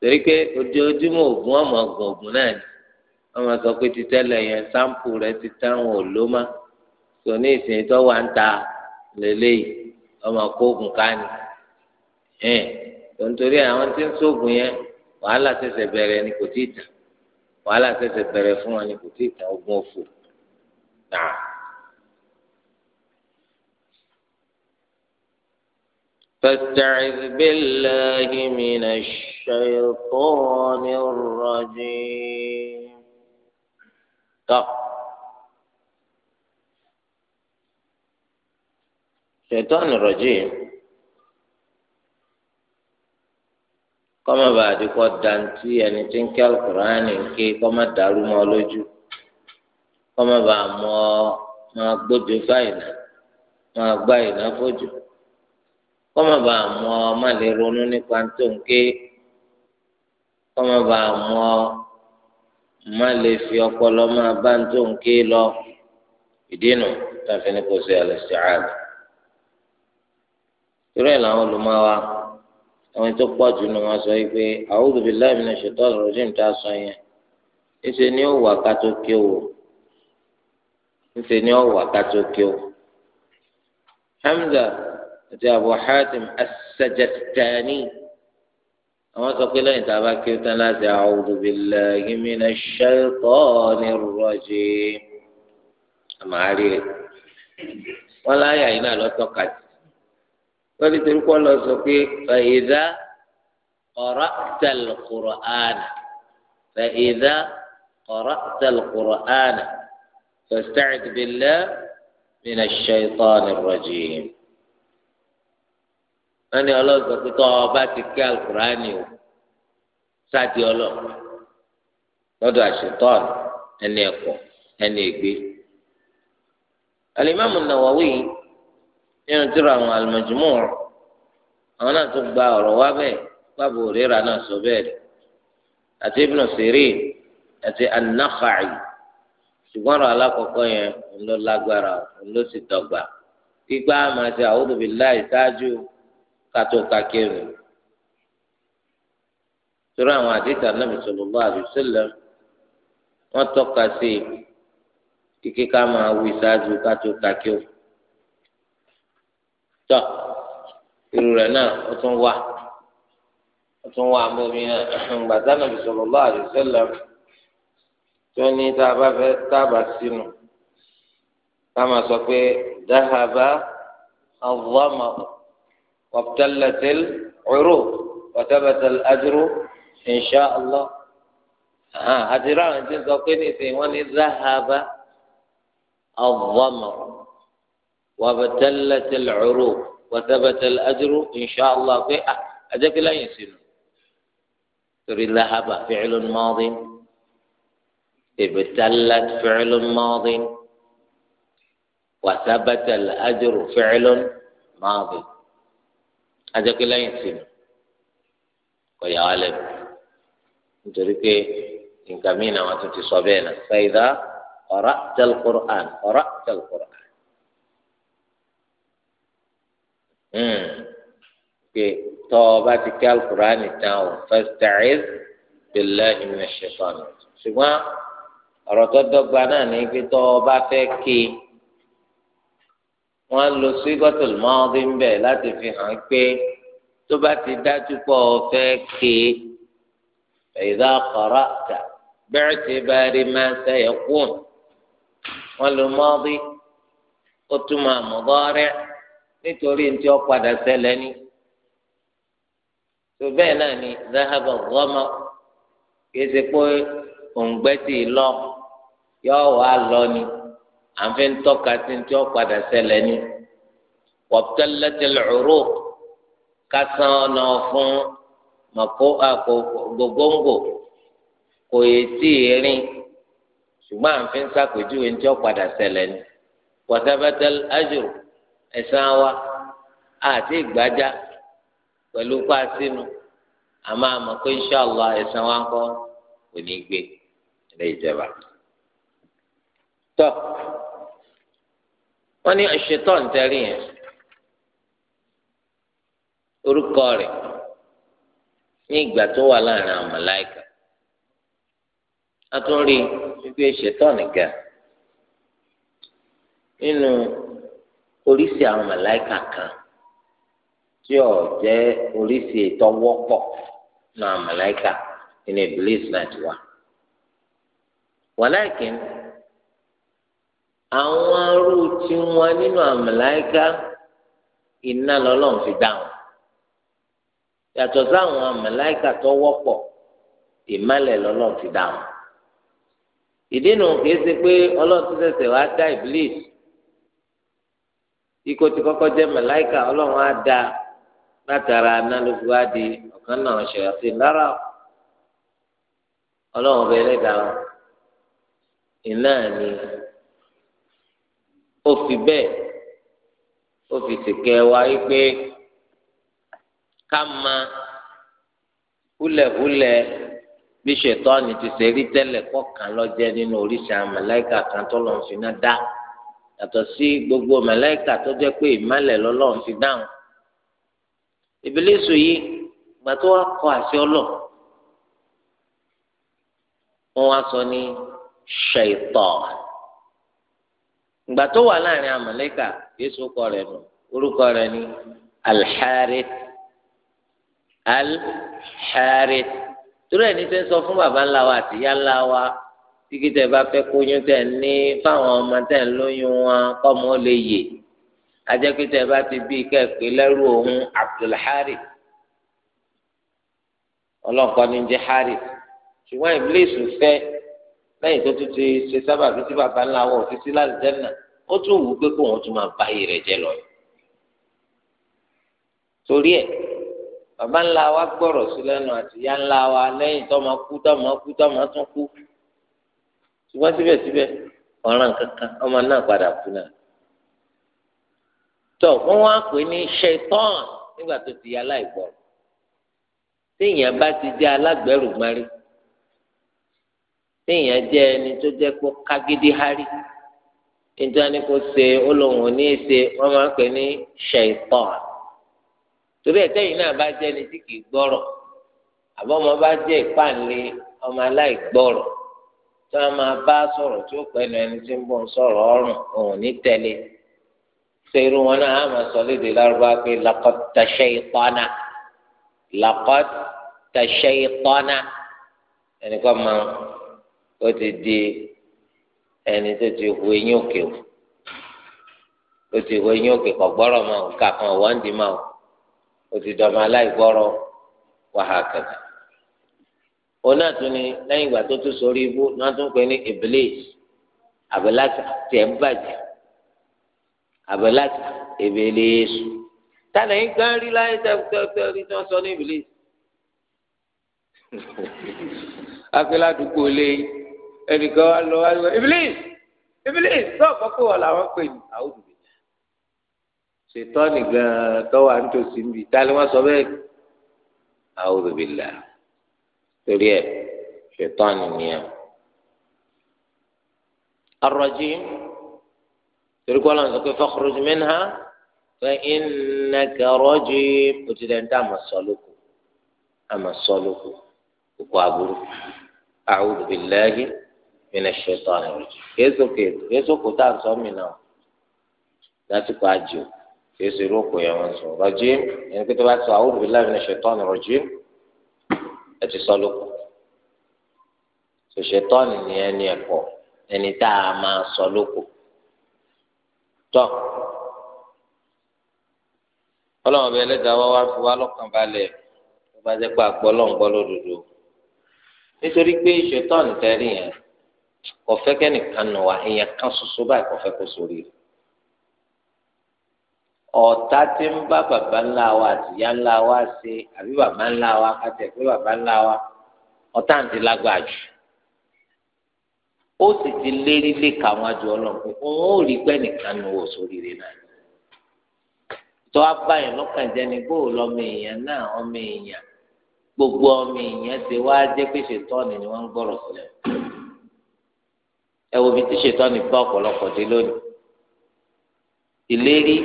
Speaker 1: torí pé ojoojúmọ́ oògùn ọmọ ọgbọ̀n oògùn náà ni wọ́n máa sọ pé ti tẹ́lẹ̀ yẹn sáǹpù rẹ̀ ti táwọn ò ló má tò ní ìsìn tó wà ń ta lélẹ́yìí ọmọ kó oògùn ká ni ẹ tontori àwọn tí ń sóògùn yẹn wàhálà ṣẹ̀ṣẹ̀ bẹ̀rẹ̀ ni kò tíì tán wàhálà ṣẹ̀ṣẹ̀ bẹ̀rẹ̀ fún wọn ni kò tíì tán ogun òfò náà. فاستعذ بالله من الشيطان الرجيم. طب. ṣètọ́nù rọ̀jì kọ́mọ bá àdìpọ̀ dantí ẹni tí ń kí alukùránì ń ké kọ́mọ ma mọ́ lójú kọ́mọ bá mọ́ máa ma fáìnà máa gbá ìná fojú kọ́mọ bá mọ́ má lè ronú nípa tó ma ké kọ́mọ bá fi ma lọ tirẹ̀ làwọn olùmọ̀wá àwọn tó pọ̀ jù nù wọn sọ pé a'udhu billahi minash shaitani rajim tá a sọ yẹn ńṣe ni ó wà ká tó ké o ńṣe ni ó wà ká tó ké o. hamza àti abu hatim àwọn sọ pé lẹ́yìn tá a bá ké o tán láti a'udhu billahi minash shaitani rajim àmàárí rẹ̀ wọ́n láyà yìí náà lọ́tọ́ kàtí lórí torí kọ́ lọ sọ pé fàyèdá ọ̀rọ̀ tẹlifùrọ̀ àná fàyèdá ọ̀rọ̀ tẹlifùrọ̀ àná fàstàcìd bìlẹ̀ mina ṣẹ́tọ́ni rọ̀jì. wọ́n ní ọlọ́sọ̀ pé tọ́ ọba ti kí alukurani o sáàdì ọlọ́ lọ́dọ̀ àṣetọ́ni ẹni ẹ̀kọ́ ẹni ègbé. alimami Nawawi nínú tí ra àwọn al-Majmu' àwọn náà tún gba ọ̀rọ̀ wá bẹ́ẹ̀ bábò rírà náà sọ bẹ́ẹ̀ rẹ̀ àti Ibn Sirin àti an-Nakha'i ṣùgbọ́n ọ̀rọ̀ alákọ̀ọ́kọ́ yẹn ńlọ lágbára ńlọ sì dọ́gba gbígbá máa ṣe a'udhu billahi ṣáájú kátó kakérò torí àwọn àdìtà Nabi sallallahu alaihi wasallam wọ́n tọ́ka sí kíkí máa wí ṣáájú kátó kakérò tọ irú rẹ̀ náà ó tún wà ó tún wà bómi gbàtà nàbì sallallahu alaihi wasallam tó ní tá a bá fẹ́ tá a bá sínú ká máa sọ pé dáhàbá àwọmọ wàbtálẹtẹl ọrọ wàtẹbẹtẹl adúró insha allah àti ráàrin tí ń sọ pé nísìnyí wọn ní dáhàbá àwọmọ. وابتلت العروق وثبت الأجر إن شاء الله في أجاك لا ينسين تريد لهب فعل ماض ابتلت فعل ماض وثبت الأجر فعل ماضي أجاك لا ينسين ويعلم تريد nǹkan mí náà فاذا قرات القران قرات القران Hmm. pé tọ́ ọ bá ti kí alukur'ani tán o fasta'iz billahi minash shaitani ṣùgbọ́n ọ̀rọ̀ tó dọ́gba náà ní pé tọ́ ọ bá fẹ́ ké wọ́n lo sígọ́tòlù mọ́ọ́dí ń láti fi hàn pé tó bá ti dájú pọ̀ ọ fẹ́ ké idha qara'ta bi'tibari ma sayakun wọ́n lo mọ́ọ́dí ó túmọ̀ àmọ́gọ́rẹ́ nítorí ntí ọ padà ṣẹlẹ̀ ní tó bẹ́ẹ̀ náà ni zahaba ghama kìí ṣe pé òǹgbẹ ti lọ yọ wà lọ ni àfi ń tọ́ka sí ntí ọ padà ṣẹlẹ̀ ní wabtallatil uruq kásán ọ̀nà fún mako gbogbo kò yé tí ì rìn ṣùgbọ́n àfi ń sàpèjúwe ntí ọ padà ṣẹlẹ̀ ní watabatal ajru. ẹ̀sán wa àti ìgbàjá pẹ̀lú pàṣínu àmọ́ àmọ́ pé inṣàlá ẹ̀sán wa kọ kọ́ ní gbé ilé ìjẹba. tọ́ wọ́n ní ṣetán tẹ́rí yẹn orúkọ rẹ̀ ní ìgbà tó wà láàrin àwọn màláíkà a tún rí wípé ṣetán nìkan nínú oríṣi àwọn kan tí ó jẹ́ oríṣi ètò wọ́pọ̀ nínú àwọn nínú Iblis náà ti wá. àwọn arú tí wọn nínú àwọn iná lọ́lọ́run fi dá wọn yàtọ̀ sáwọn màláìkà tó wọ́pọ̀ ìmálẹ̀ lọ́lọ́run fi dá wọn. ìdí pé ọlọ́run ṣẹ̀ṣẹ̀ wá dá Iko ti kọ́kọ́ jẹ́ mẹ̀láìkà ọlọ́run á da látara aná ló fi wá di ọ̀kan náà ṣèyàtì lára ọlọ́run bẹ ẹlẹ́dàá iná ni ó fi bẹ́ẹ̀ ó fi sìkẹ́ wa wípé ká ma bí ṣètọ́ ni ti ṣe rí tẹ́lẹ̀ kọ́kàn lọ́jẹ́ nínú oríṣi àmàlẹ́kà kan tó lọ́n fi náà yàtọ̀ sí gbogbo mẹlẹ́kà tó jẹ́ pé ìmọ̀lẹ̀ lọ́lọ́run ti dáhùn ìbílẹ̀sù yìí gbà tó wà kọ́ àṣẹ ọlọ wọn wá sọ ní ṣètọ gbà tó wà láàrin àmàlẹ́kà yéṣu kọ rẹ̀ nù orúkọ rẹ̀ ní alḥarith alḥarith torí ẹni tẹ́ ń sọ fún baba ńlá wa àti ìyá ńlá wa kíkí tẹ bá fẹ́ kóyún tẹ ní fáwọn ọmọ tẹ ń lóyún wọn kọ́mọ lè yè ajẹ́pẹ́ tẹ bá ti bí kẹ́ẹ̀pẹ́ lẹ́rù òun Abdulhari ọlọ́nkọ́ ní jẹ́ Hari ṣùgbọ́n Iblis fẹ́ lẹ́yìn tó tún ti ṣe sábà tó ti bàbá ńlá wọ̀ fi sí láti ó tún wù ú pé kóun tún máa bá yìí rẹ̀ jẹ́ lọ. torí ẹ̀ bàbá ńlá wa gbọ́rọ̀ sí lẹ́nu àti ìyá ńlá wa lẹ́yìn tọ́mọ kú tọ́mọ kú tọ́mọ tún kú. ṣùgbọ́n síbẹ̀síbẹ̀ ọ̀ràn kankan ọmọ náà padà kú náà. tọ wọn wá pè ní ṣetán nígbà tó ti yá láìgbọ́ téèyàn bá ti jẹ́ alágbẹ̀rù mari téèyàn jẹ́ ẹni tó jẹ́ pé kágídí hárí ni kò ṣe olóhùn ní ṣe wọn máa ń pè ní ṣetán torí ẹ tẹ̀yìn náà bá jẹ́ ẹni tí kì í gbọ́rọ̀ bá jẹ́ tí wọn máa bá sọ̀rọ̀ tí ó pẹnu ẹni tí ń bọ̀ ń sọ̀rọ̀ ọrùn òun ní tẹ̀lé ṣerú wọn náà á máa sọ lédè lárúbá pé laqad tashaytana laqad tashaytana ẹnìkan máa ó ti di ẹni tó ti hu eyín òkè o ó ti hu eyín òkè kọ gbọrọ máa kà kan wọn di máa o ó ti dọmọ aláìgbọrọ wàhálà kẹta òun náà tún ni lẹ́yìn ìgbà tó tún sórí ibú náà tún pè ní iblis àbẹ̀láta tẹ̀ ń bàjẹ́ àbẹ̀láta ebèlè èṣù tálẹ̀ yín gan rí láyé tẹ́tẹ́ rí tí wọ́n sọ ní iblis akpẹ́lẹ́ àdúgbò lé ẹnìkan wà lọ́wọ́ àdúgbò iblis iblis sọ̀kọ́ pé wọ́n làwọn pè ní àwùjọ ṣètọ́ nìkan tọ́wà nítòsí níbi tálẹ́ wọ́n sọ bẹ́ẹ̀ àwùjọ bìlà torí ẹ ṣètàn nìyẹn arrajim torí kọ́ lọ́nà sọ pé fakhruj minha fa innaka rajim o ti dẹ́ntà àmọ̀ sọ́lókù àmọ̀ sọ́lókù kókó aburú a'udhu billahi minash shaitani rajim kéésò kéésò kéésò kò tá à ń sọ mí náà láti kọ́ àjò irú òkú yẹn wọ́n sọ rajim ẹni pé tó bá sọ a'udhu billahi minash shaitani rajim ẹ ti sọ lóko sòṣètọ́ọ̀nì ni ẹni ẹ̀kọ́ ẹni tá a máa sọ lóko tọ́ ọlọ́run ọba ẹlẹ́dàá wá wá fi wá lọ́kàn balẹ̀ tó bá jẹ́ pé àgbọ̀ lọ́n gbọ́ lódodo nítorí pé sòṣètọ́ọ̀nì tẹ́rì yẹn kò fẹ́ kẹ́nìkan nù wá èèyàn kan ṣoṣo báyìí kò fẹ́ kó sórí rẹ̀ ọ̀tá tí ń bá bàbá ńlá wa àtìyá ńlá wa ṣe àbí bàbá ńlá wa kàtẹ́ pé bàbá ńlá wa ọ̀tá ń ti lágbàá jù ó sì ti lérí lé ka wọn àjọ ọlọ́run pé òun ò rí pẹ́ nìkan nu wò sóríire náà tó a bá yẹn lọ́kàn jẹ́ ni bó lọ́mọ èèyàn náà ọmọ èèyàn gbogbo ọmọ èèyàn ti wá jẹ́ pé ṣètọ́ni ni wọ́n ń gbọ́rọ̀ sílẹ̀ ẹ wo ti ṣètọ́ni bá ọ̀pọ̀lọpọ̀ dé lónìí ìlérí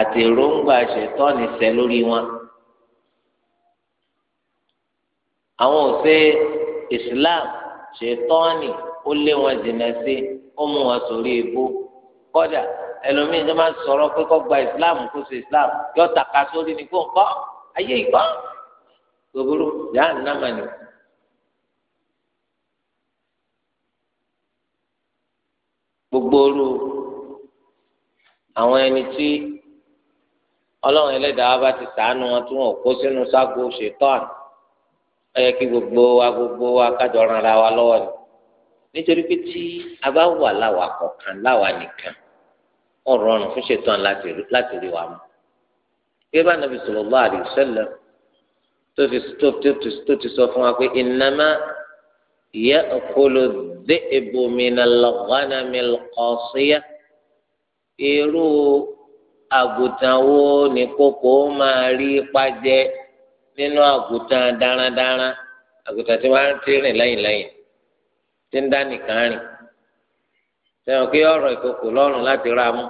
Speaker 1: àti èròǹgbà ṣètọ́ni ṣẹ lórí wọn. àwọn òṣè Islam ṣètọ́ni ó lé wọn jìnnà sí ó mú wọn sórí ebó kọ́dà ẹlòmíín tó máa ń sọ̀rọ̀ pé kó gba Islam kó ṣe Islam yọ tàka sórí ni kó ń kọ́ ayé ìkọ́ gbogbo yàrá nàmà ni. gbogbo oru àwọn ẹni tí ọlọ́run ẹlẹ́dàá bá ti sàánú wọn tí wọn ò kó sínú ságo ṣètọ́n ó yẹ kí gbogbo wa gbogbo wa kájọ ran ara wa lọ́wọ́ ni nítorí pé tí a bá wà láwa kọ̀ọ̀kan láwa nìkan ó rọrùn fún ṣètọ́n láti rí wa mú bí bá nàbì sallallahu alaihi wasallam tó ti sọ fún wa pé innama ya'kulu dhi'bu minal ghanamil qasiyah irú. àgùntàn wo ní kókó máa rí ipa jẹ nínú àgùntàn darandaran àgùntàn tí wọ́n ti rìn lẹ́yìn lẹ́yìn tí ń dá nìkan rìn sẹ́wọ̀n kí ọ̀rọ̀ ìkókò lọ́rùn láti ra mú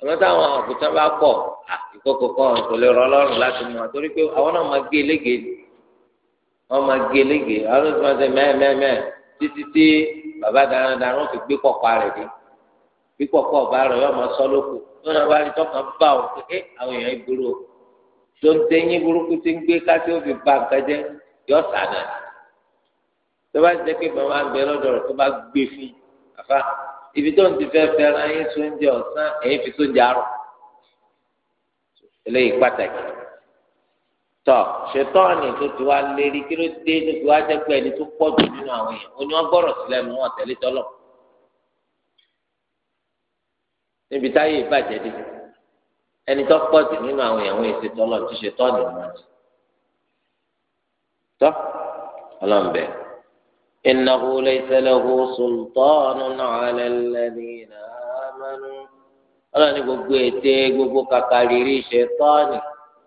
Speaker 1: àmọ́ táwọn àgùntàn bá kò lè rọ láti mú torí pé àwọn náà máa gé elége máa gé elége àwọn náà ti máa ṣe mẹ́ẹ̀mẹ́ẹ̀mẹ́ẹ̀ títí tí bàbá darandaran pípọ̀ pọ̀ bá rẹ̀ yọ̀ máa sọ lóko tó náà bá rí tọkàn bá ò pé àwọn èèyàn ìgboro tó ń tẹ́yìn burúkú ti ń gbé kásí ó fi ba nǹkan jẹ́ yọ sànà tó bá jẹ́ pé màmá ń bẹ lọ́dọ̀ rẹ̀ tó bá gbé fún àfa ibi tó ń ti fẹ́ fẹ́ràn yín sóúnjẹ ọ̀sán èyí fi sóúnjẹ àárọ̀ eléyìí pàtàkì tọ ṣetọ́ọ̀nì tó ti wá lérí kí ló dé tó ti wá jẹ́ pé ẹni tó pọ̀ jù nínú níbi táyé ìbàjẹ́ dé ẹni tó pọ̀ jù nínú àwọn èèyàn wọn èsì tọ́lọ̀ ti ṣe tọ́ọ̀nù wọn jù tọ́ ọlọ́mbẹ. إنه ليس له سلطان على الذين آمنوا ọlọ́ni gbogbo ète gbogbo kàkàrírí ṣètọ́ọ̀nì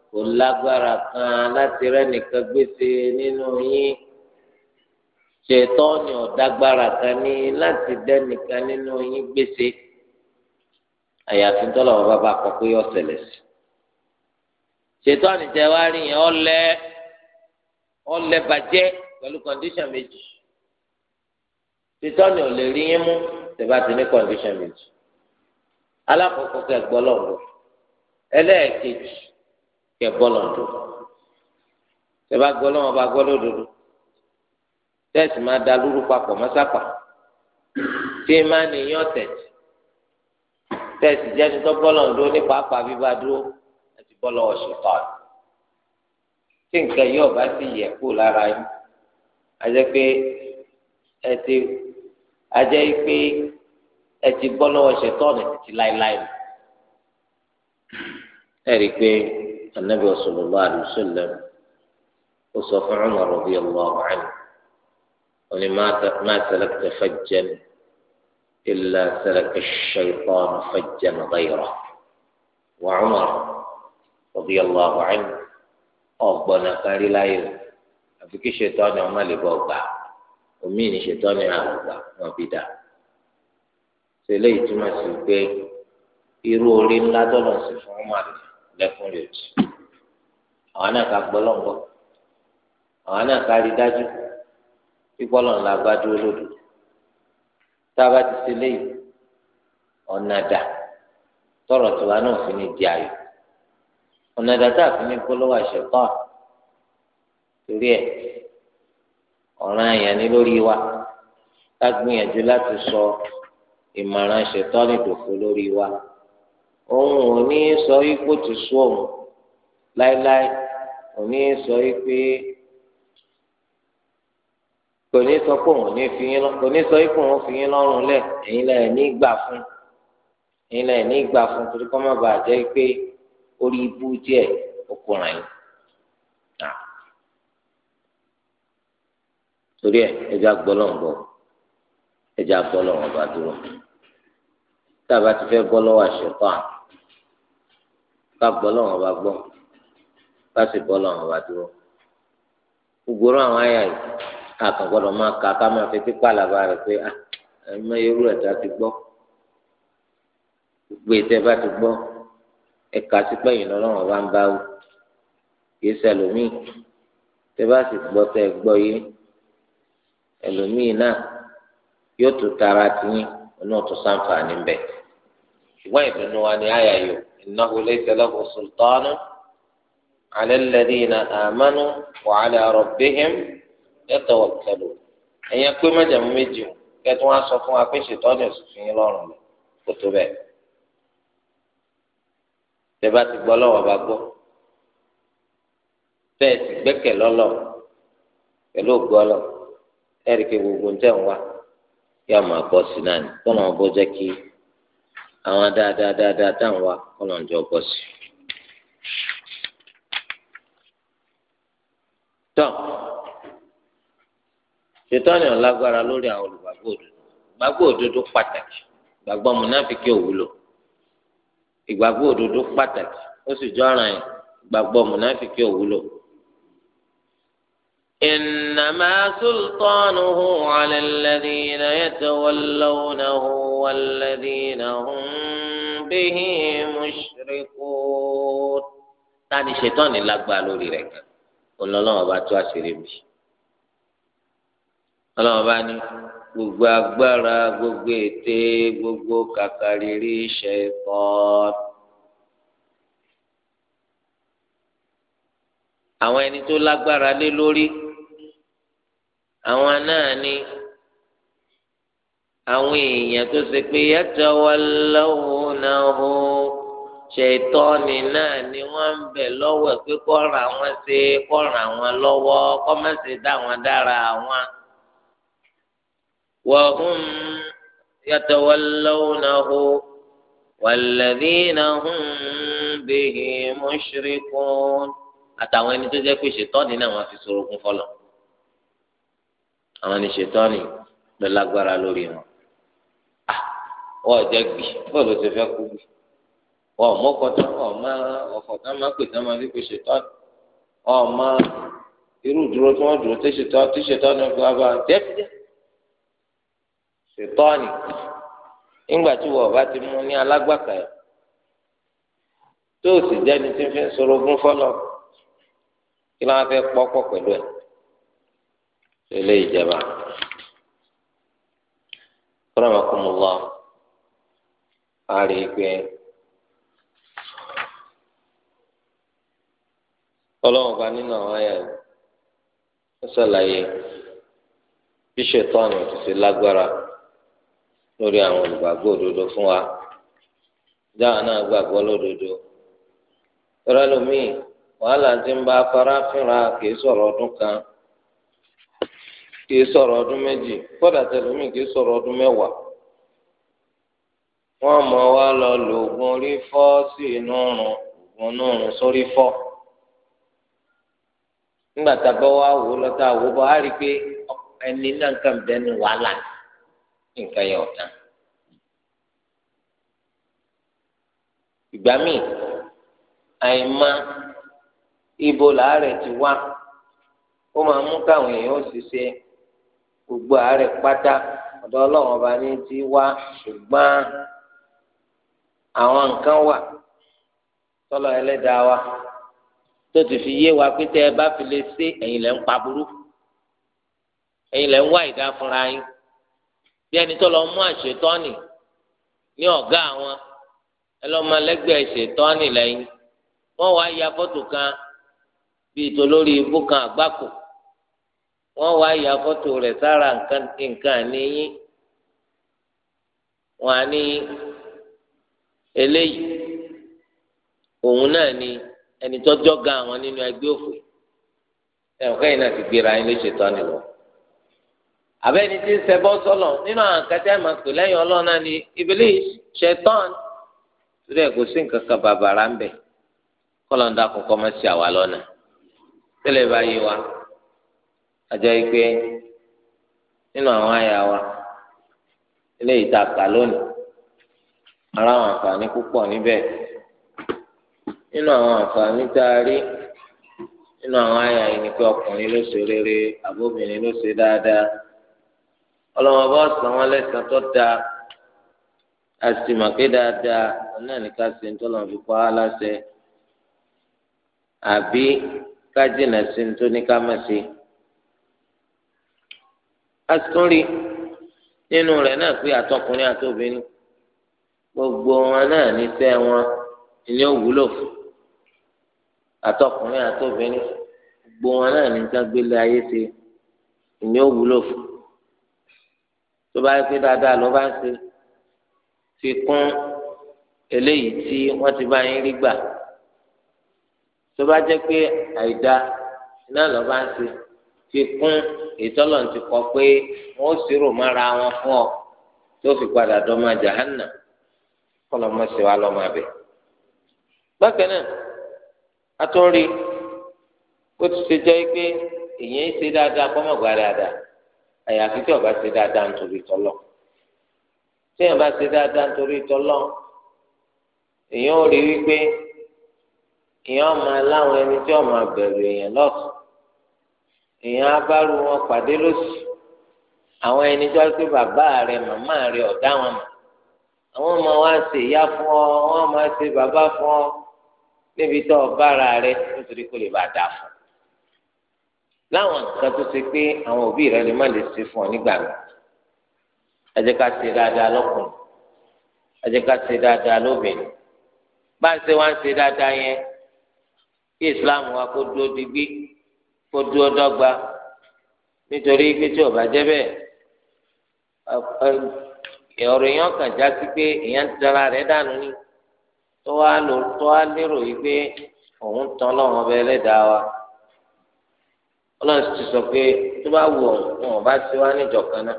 Speaker 1: kò lágbára kan láti rẹ́nìkan gbèsè nínú yín ṣètọ́ọ̀nì ọ̀dágbára kan ní láti dẹ́nìkan nínú yín gbèsè àyàfi tọ́lọ̀ wọn bá bá kọ pé yọ ṣẹlẹ̀ sí. ṣètò ànìjẹ́ wa rí yẹn ọ̀lẹ́ ọ̀lẹ́ bàjẹ́ pẹ̀lú kọ̀ǹdíṣàn méjì ṣètò ànì ò lè rí yín mú tẹ̀bá ti ní kọ̀ǹdíṣàn méjì. alákọ̀ọ́kọ́ kẹ gbọ́lọ̀dọ̀ ẹlẹ́ẹ̀kejì kẹ gbọ́lọ̀dọ̀ tẹ̀bá gbọ́lọ̀ wọn bá gbọ́lọ̀dọ̀ tẹ̀sí máa da lúrú papọ̀ mọ́sápà tí máa nìyàn tẹ̀sí tẹ́sì jẹ́ tuntun bọ́lọ̀ ń dúró nípa apá bíbá dúró àti bọ́lọ̀ ọ̀ṣùtọ̀ tí nǹkan yìí ọ̀bá sì yẹ kú lára yín àjẹ́ pé ẹ ti àjẹ́ pé ẹ ti bọ́lọ̀ ọ̀ṣùtọ̀ ní títí láéláé ni ẹ rí i pé anabi sallallahu alaihi wasallam ó sọ fún Umar radiyallahu anhu ó ní ma إلا سلك الشيطان فجا غيره وعمر رضي الله عنه أغبنا كاري لا يوم أفكي شيطان عمالي بوقع ومين شيطان عمالي وبدا سيلي تمسي بي irú orí ńlá tọ́lọ̀ sí fún ọmọ rẹ̀ lẹ́kùn rẹ̀ àwọn náà ká gbọ́ àwọn náà ká rí dájú pípọ́ lọ́nà la bá sábà ti ṣe léyìí ọ̀nà dà tọrọ tiwa náà fi ní di ayò ọ̀nà dà tá a fi ní polówó àṣẹkọ́ torí ẹ̀ ọ̀ràn àyàn ní lórí wa ká gbìyànjú láti sọ ìmọ̀ràn ṣètọ́ nìdòfo lórí wa òun ò ní sọ wípé ó ti sú òun láéláé ò ní sọ wípé kò ní sọ pé òun ní fi yín lọ kò ní sọ pé òun fi yín lọ́rùn lẹ̀ ẹ̀yin lẹ̀ ní gbà fún ẹ̀yin lẹ̀ ní gbà fún torí kọ́ má bàa jẹ́ pé orí ibú díẹ̀ ọkùnrin yìí torí ẹ ẹja gbọ́lọ́n bọ̀ ẹja gbọ́lọ́n ọba dúró tá ti fẹ́ bọ́ lọ́wọ́ à ká gbọ́lọ́n gbọ́ ká sì bọ́lọ́n dúró gbogbo àwọn àyà yìí àkàn gbọ́dọ̀ máa kà ká máa fi pípa làbá rẹ̀ pé ah, ẹ̀mọ irú ẹ̀dá ti gbọ́ gbogbo ìtẹ́ bá ti gbọ́ ẹ̀ka sí pẹ̀yìn lọ́lọ́run bá ń bá wù kìí sẹlòmíì tẹ́ bá sì gbọ́ tẹ́ gbọ́ ẹlòmíì náà yóò tún tara tiyín ọ̀nà ọ̀tún sáǹfààní ń bẹ ṣùgbọ́n ìdùnnú wa ni àyà yò innahu laysa lahu sultanun ala alladhina amanu wa ala rabbihim. yàtọ̀ wọ̀ kẹlò ẹ̀yìn pé mẹ́jẹ̀mú méjì o kẹtù wọn sọ fún wa pé ṣètọ́jú ìsòfin yín lọ́rùn lọ kó tó bẹ́ẹ̀. ti gbọ́ lọ́wọ́ bá gbọ́ tẹ́ẹ̀ sì gbẹ́kẹ̀ lọ́lọ́ pẹ̀lú gbogbo tẹ̀ ń wá máa bọ́ sí náà jẹ́ kí àwọn tá à ń ṣètọ́ni ọ̀lágbára lórí àwọn olùgbàgbọ́ òdodo ìgbàgbọ́ òdodo pàtàkì ìgbàgbọ́ múnáfíkì òwúlò ìgbàgbọ́ òdodo pàtàkì ó sì jọ ara yẹn ìgbàgbọ́ múnáfíkì òwúlò. إنما سلطانه على الذين يتولونه والذين هم به مشركون. ta شيطان ṣètọ́ni lágbára lórí rẹ̀ لا olólùwọ̀n bá tó ọlọ́run bá ní gbogbo agbára gbogbo ète gbogbo kàkàrírí ṣe kọ́ àwọn ẹni tó lágbára lé lórí àwọn náà ni àwọn èèyàn tó ṣe pé yàtọ̀ wà lọ́wọ́ náà hó ṣètọ́ni náà ni wọ́n ń bẹ̀ lọ́wọ́ pé kọ́ra wọn ṣe kọ́ra wọn lọ́wọ́ kọ́mọ̀ṣe dá wọn dára wọn. وهم يتولونه والذين هم به مشركون àtàwọn ẹni tó jẹ́ pé ṣètọ́ni náà wọ́n fi sorogún fọlọ́ àwọn ni ṣètọ́ni ló lórí wọn wọ́n jẹ́ gbì bọ́ọ̀ ló ti fẹ́ kú gbì wọ́n mọ́kọ́tà wọ́n má ọ̀kọ̀tà má pè tán má fi pè ṣètọ́ni wọ́n má irú dúró tí wọ́n dúró tí ṣètọ́ni fi wá bá a ṣètọ́ọ̀nì nígbà tí wọ́n bá ti mú ní alágbàtà ẹ̀ tó sì jẹ́ni tí ń fi sọ̀rọ̀ ogún fọ́lọ̀ kí ló wá fẹ́ pọ́pọ̀ pẹ̀lú ẹ̀ lélẹ̀ ìjẹba kọ́nàmọ́kùnmọ́lá a rí i pé lórí àwọn olùgbàgbọ́ òdodo fún wa dáhùn náà gbàgbọ́ lódodo tọ́lá lómii wàhálà ti ń bá afárá fínra kìí sọ̀rọ̀ ọdún kan kìí sọ̀rọ̀ ọdún méjì kódà tẹlómi kìí sọ̀rọ̀ ọdún mẹ́wàá wọ́n mọ̀ wá lọ lo oògùn orí fọ́ sí inú ọrùn oògùn inú ọrùn sórí fọ́ nígbà tá a bá wá wò lọ́tà wò bọ́ á rí i pé ẹni náà kàn bẹ́ẹ̀ ni wàhálà ni. nǹkan yẹn ọ̀tàn. ìgbà míì àìmọ̀ ibo làárẹ̀ ti wá ó máa mú káwọn èèyàn ó ṣiṣẹ́ gbogbo àárẹ̀ pátá ọ̀dọ̀ ọlọ́run ọba ní ti wá ṣùgbọ́n àwọn nǹkan wà tọ́lọ̀ ẹlẹ́dàá wa tó ti fi yé wa pé tẹ́ ẹ bá fi lè ṣe ẹ̀yin lẹ́ ń pa burú ẹ̀yin lẹ́ ń wá ìdá fúnra yín bí ẹni tó lọ mú àṣetọ́nì ní ọ̀gá àwọn ẹlọ́mọlẹ́gbẹ́ ṣetọ́nì lẹ́yìn wọ́n wá ya fọ́tò kan bíi tolórí ibú kan àgbákò wọ́n wá ya fọ́tò rẹ̀ sára nǹkan àníyín wọ́n á ní eléyìí òun náà ni ẹni tó jọ́ga àwọn nínú ẹgbẹ́ òfò ẹ̀ ọ̀kẹ́yìn náà ti gbéra ẹni ló ṣetọ́nì lọ. àbẹ́ ẹni ti ń ṣẹbọ sọ́lọ̀ nínú àwọn akẹ́tẹ́ máa pè lẹ́yìn ọlọ́run náà ni Iblis Ṣẹ̀tán torí ẹ̀ kò sí nǹkan kan bàbàrà ń bẹ̀ kọ́lọ́ńdà kọ̀ọ̀kan máa ṣe àwa lọ́nà tẹ́lẹ̀ bá yé wa àjọ ìpè nínú àwọn àyà wa ilé ìtàkà lónìí ara àwọn àǹfààní púpọ̀ níbẹ̀ nínú àwọn àǹfààní tá a rí nínú àwọn àyà yìí ni pé ọkùnrin ló ṣe rere àbóbìnrin ló ṣe dáadáa. ọlọ́mọ bá sàn wọn lẹ́sàn tó dáa àsìmọ̀ké dáadáa ọ̀nà nìkan se ń tọ́lọ̀ fi pa á láṣẹ àbí kájìnà sí ń tó ní ká má ṣe. a tún rí nínú rẹ̀ náà pé àtọkùnrin àtobìnrin gbogbo wọn náà níṣẹ́ wọn ni ó wúlò fún àtọkùnrin àtobìnrin gbogbo wọn náà níṣẹ́ gbélé ayé ṣe ni ó wúlò fún tó bá yẹ pé dáadáa ló bá ń se fi kún eléyìí tí wọ́n ti bá yín rí gbà tó bá jẹ́ pé àìda iná ló bá ń ṣe fi kún ìtọ́lọ̀ ti kọ pé wọ́n ṣírò mára wọn fún ọ tó fi padà dọ́mọ jahanna kọlọmọ sí wa lọ́mọ abẹ. bákan náà a tún rí bó ti ṣe jẹ́ pé èyí ń ṣe dáadáa kọ́mọ̀gbá dáadáa àyàfi tí ọba ṣe dáadáa nítorí tọlọ tí ọba ṣe dáadáa nítorí tọlọ èèyàn ò rí wípé èèyàn máa láwọn ẹni tí ọmọ abẹ̀rù èèyàn lọ́sùn èèyàn abárù wọn pàdé lóṣù àwọn ẹni tí wọn pé bàbá rẹ màmá rẹ ọ̀dá wọn mọ̀ àwọn ọmọ wa ṣe ìyá fún ọ wọn máa ṣe bàbá fún ọ níbi tó ọba ara rẹ nítorí kó lè bá dà fún ọ láwọn nǹkan tó ṣe pé àwọn òbí rẹ lè má lè ṣe fún ọ nígbà mi ẹ jẹ́ ká ṣe dáadáa lọ́kùnrin ẹ jẹ́ ká ṣe dáadáa lóbìnrin bá ń ṣe wá ń ṣe dáadáa yẹn kí islam wa kó dúró digbí kó dúró dọ́gba nítorí pé tí ò bá jẹ́ bẹ́ẹ̀ ọ̀rọ̀ èèyàn kàn já sí pé èèyàn dára rẹ̀ dànù ni tó wá lérò yìí pé òun tán lọ́wọ́ ọba ẹlẹ́dàá wa ọlọ́run ti sọ pé tó bá wù ọ́n wọn bá ti wá níjọ kan náà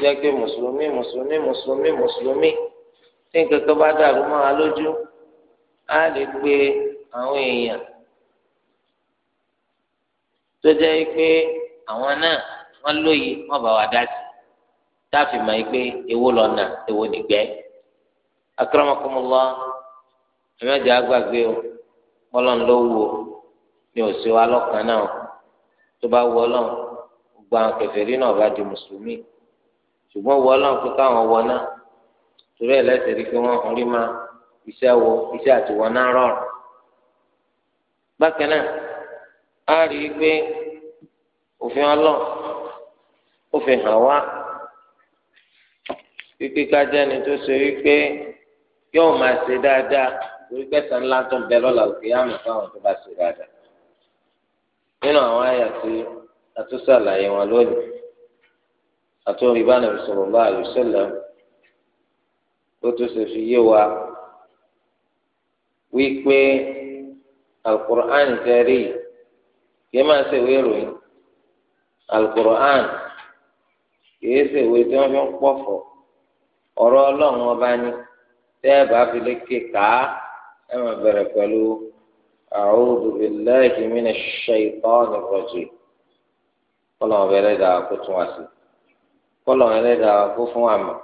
Speaker 1: jẹ́ pé mùsùlùmí mùsùlùmí mùsùlùmí mùsùlùmí tí nǹkan kan bá dàrú mọ́ wa lójú á lè pe àwọn èèyàn tó jẹ́ pé àwọn náà wọ́n lóye wọ́n bá wa dá sí táàfì mọ̀ yìí pé èwo lọ́nà èwo nìgbẹ́ akramakumullah ẹ̀mẹ́jọ àgbàgbé o bọ́lọ́n ló wù ó ní òsì wa lọ́kàn náà tó bá wọ Ọlọ́run gbogbo àwọn kèfèrí náà bá di mùsùlùmí ṣùgbọ́n wọ Ọlọ́run kó káwọn wọ náà torí ẹ̀ lẹ́sẹ̀ rí i pé wọ́n ń rí máa iṣẹ́ wọ iṣẹ́ àtiwọ́ náà rọrùn. bákan náà a rí i pé òfin Ọlọ́run ó hàn wá wípé kájẹ́ni tó ṣe wípé yóò máa ṣe dáadáa torí pẹ́sàn ńlá tó ń bẹ lọ́la òkè àmì fáwọn tó bá ṣe dáadáa nínú àwọn àyà tí a tún ṣàlàyé wọn lónìí àtúnrí bá nàbì sallallahu alaihi wasallam ó tún ṣe fi yé wa wípé alukur'an tẹ́rì kí máa ṣe ìwé ìròyìn alukur'an kìí ṣe ìwé tí wọ́n fi ń pọ̀fọ̀ ọ̀rọ̀ ọlọ́run ọba ni tẹ́ ẹ bá fi lè ké ẹ máa bẹ̀rẹ̀ pẹ̀lú. أعوذ بالله من الشيطان الرجيم قل ما بلدا قلت واسي قل ما بلدا قف واما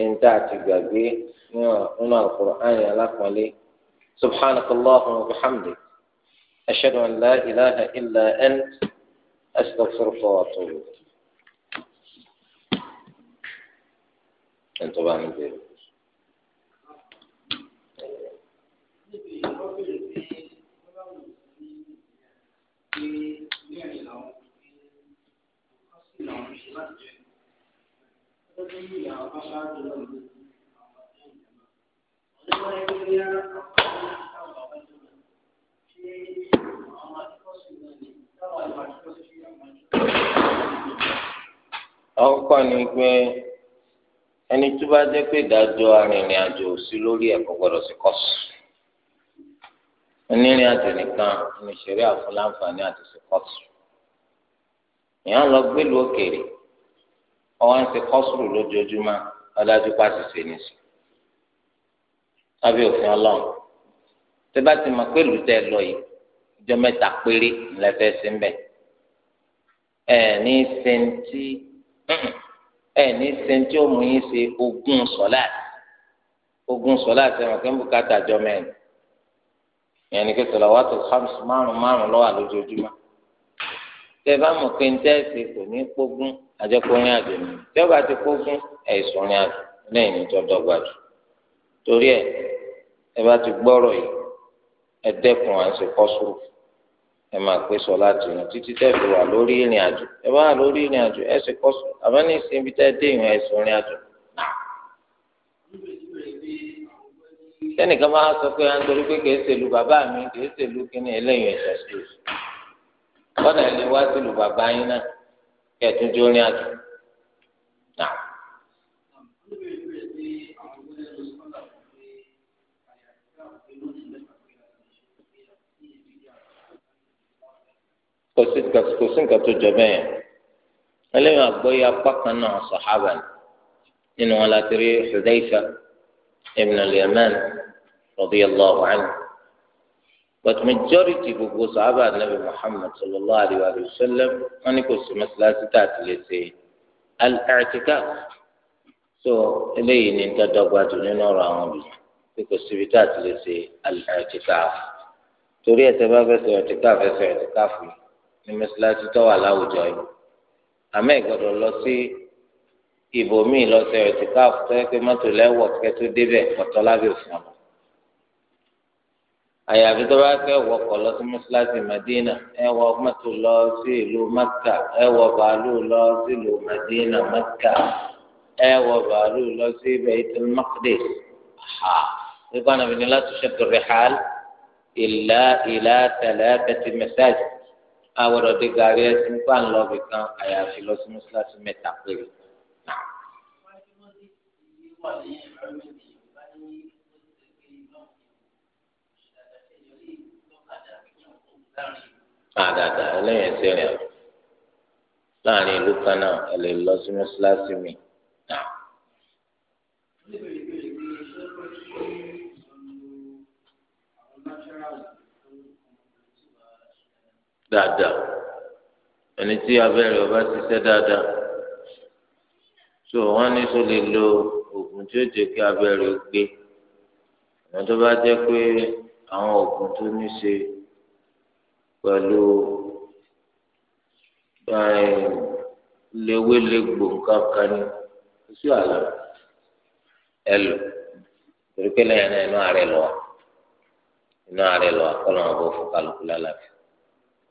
Speaker 1: إن تعتقد به إن القرآن لكم لي سبحانك اللهم وبحمدك أشهد أن لا إله إلا أنت أستغفرك وأتوب إليك انتبهوا من بيروت
Speaker 2: pé mẹ́rin làwọn fi kọ́ sí làwọn fi láti jẹ. Ó ní ìyá ọba ṣáájú náà ní àwọn ọdún ìjọba. Ọdún wọn ẹgbẹ́ bí á àwọn àwọn ọba tó lọ. Ṣé àwọn akẹ́kọ̀ọ́sì náà ní táwọn àgbà akẹ́kọ̀ọ́sì fi àwọn akẹ́kọ̀ọ́sì?
Speaker 1: Ọkọ ni pé ẹni tó bá jẹ́ pé ìdájọ́ arìnrìn àjò sí lórí ẹ̀kọ́ gbọ́dọ̀ sí kọ́sù onírìn àjò nìkan ní ìṣeré àfúnláǹfààní àti sèkọ́sù èèyàn lọ gbélú òkèèrè ọwọ́ ń sèkọ́sù lójoojúmọ́ ọdájú pàṣẹṣe nìṣó lábẹ́ òfin ọlọ́run tẹ bá ti mọ̀ pé lùtẹ́ lọ yìí ọjọ́ mẹ́ta péré ńlẹ́fẹ́ sí ń bẹ̀ ẹ̀ ní sẹ́ńtì ẹ̀ ní sẹ́ńtì ó mú yín ṣe ogún sọ́láàtì ogún sọ́láàtì ẹ̀ mọ̀ kí n bùkátà jọ mẹ́rin ìyẹn ni kẹsàn-án wà hams márùn márùn lọ́wọ́ àlójoojúmọ́ tẹ bá pé kò ní àjò ni tẹ́ bá ti kpógún ẹ̀sùnrin àjò lẹ́yìn ní tọ́jọ́ gbàdú torí ẹ ẹ bá ti gbọ́rọ̀ yìí ẹ dẹ́kun à ń ṣe kọ́sùrù ẹ máa pé sọ láti rìn títí tẹ́ fi wà lórí ìrìn àjò ẹ bá wà lórí ìrìn sẹ́nìkan máa sọ pé à ah, ń torí pé kìí ṣèlú bàbá mi kìí ṣèlú kíní ẹlẹ́yìn ẹ̀sẹ̀ sí i kọ́nà ilé wá sílù bàbá yín náà kí ẹ̀tún jó ní àjò. kò sí nǹkan tó jọ bẹ́ẹ̀ ẹlẹ́yìn àgbọ̀yé apá kan náà sọ̀hábà nínú wọn láti rí Hudayfa. ابن al رضي الله عنه، but majority gbogbo sahaba nabi Muhammad sallallahu alayhi wa sallam wọ́n ní kò sí mọ́sálásí tá a ti lè ṣe al-i'tikaf so eléyìí ni dọ́dọ́gba jù nínú ọ̀rọ̀ àwọn òbí pé kò síbi tá a ti lè ṣe al-i'tikaf torí ẹ̀sẹ̀ bá fẹ́ ṣe i'tikaf fẹ́ ṣe i'tikaf tó wà láwùjọ yìí àmọ́ ìgbọ́dọ̀ lọ sí ibòmíì lọ́sẹ̀ ẹ̀tì káàfù tó yẹ pé mọ́tò lẹ́wọ̀ kẹ́ tó débẹ̀ ọ̀tọ́ lábẹ́ òfin ọ̀nà. àyàfi tó bá kẹ́ wọkọ̀ lọ sí mọ́ṣáláṣí Madina ẹ wọ mọ́tò lọ sí ìlú Mẹ́kà ẹ wọ bàálù lọ sí ìlú Madina Mẹ́kà ẹ wọ bàálù lọ sí Baitul Maqdis ha nígbà náà bìnrin láti ṣètò rìhàl ìlà ìlà tẹ̀lé bẹ́tì mẹ́sáàjì àwọn ọ̀dọ́ àdàdà ah, ẹlẹ́yìn ẹsẹ̀ rẹ̀ láàrin ìlú kan náà ẹ lè lọ sí mọ́ṣáláṣí mi náà. dáadáa ẹni tí abẹ́rẹ́ ọba ti ṣe dáadáa tó wọ́n ní tó lè lo oògùn tí ó jẹ́ kí abẹ́rẹ́ ó gbé àwọn tó bá jẹ́ pé àwọn oògùn tó ní ṣe pẹ̀lú eh, léwélégbò kankan ni kò sí àlọ́ ẹ lò torí pé lẹ́yìn náà inú ààrẹ lọ inú ààrẹ lọ akọlọ wọn bọ fún kálukú lálàbí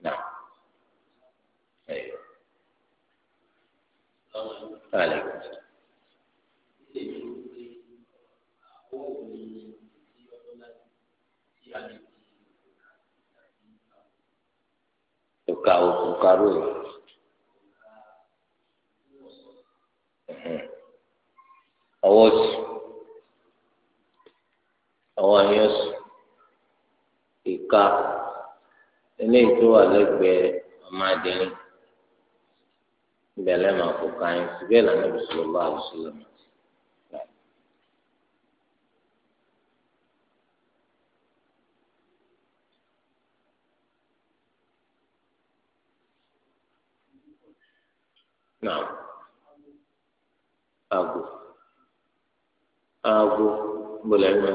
Speaker 1: náà ẹ yọ. òkà òkàrò ọwọ́ sí ọwọ́ yẹn sí ìka eléyìí tó lẹ́gbẹ̀ẹ́ ọmọdéyìn ìbẹ̀lẹ̀ máa síbẹ̀ lànà náà aago aago gbọlẹ ẹgbẹ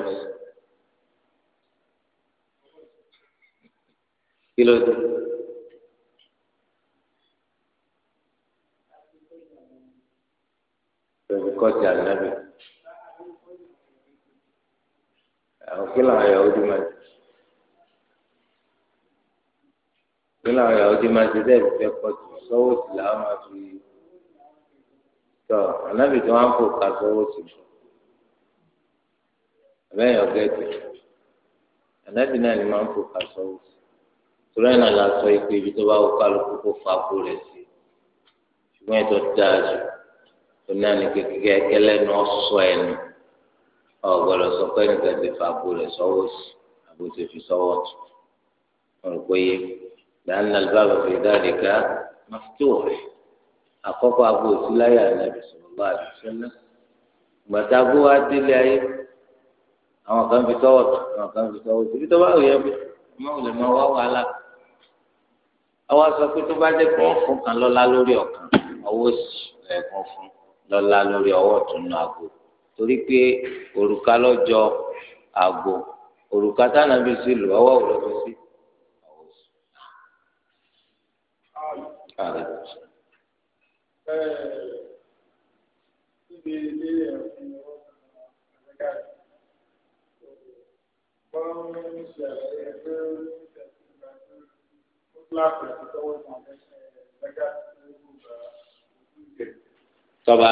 Speaker 1: kí ló dé. Tẹ̀sí kọ́ọ̀tì ànábì. Àwọn kí làwọn ayọ̀ ojú máa ti. Kí làwọn ayọ̀ ojú máa ti dẹ́ẹ̀bì fẹ́ kọ́ọ̀tì sọ́wọ́sì làwọn máa fi tọ ànábì tí wọn kò ká sọwọ sí i abẹ́yẹn ọ̀gẹ́dì ànábì náà ni máa ń kó ká sọwọ sí i torí ẹ̀ náà la sọ ipe ibi tó bá wọ kálukú kó fa kó rẹ̀ sí i ṣùgbọ́n ètò dáa jù tó náà ní kékeré ẹkẹlẹ́ náà sọ ẹnu ọ̀gbọ́dọ̀ sọ pé nìkan ti fa kó rẹ̀ sọwọ sí i àbò tó fi sọwọ tù wọn rò pé yẹ lẹ́yìn náà lè bá bàbá ìdá àkọ́kọ́ abo òsínláyà nàbì sallallahu alaihi wasallam gbàtà bó wa délé ayé àwọn kan fi tọwọ́ tó àwọn kan fi tọwọ́ tó ibi tó bá yẹ bí ọmọ òlè máa wá wàhálà àwa sọ pé tó bá jẹ́ kí wọ́n fún kan lọ́lá lórí ọ̀kan ọwọ́ sì ẹ̀kan fún lọ́lá lórí ọwọ́ tó nu àgbo torí pé òrùka lọ́jọ́ àgbo òrùka tánàbí sí lò ọwọ́ òrùka sí.
Speaker 2: Thank you níbi ilé ẹ̀sìn ọ̀gá wọ́n ń ṣe àlàyé ẹgbẹ́ oníṣẹ́sìnkà tó kíláàsì àti tọ́wọ́ ìmọ̀ ẹ̀sìn ẹ̀gá tó gbà ojú ìgbẹ́. tọ́ba.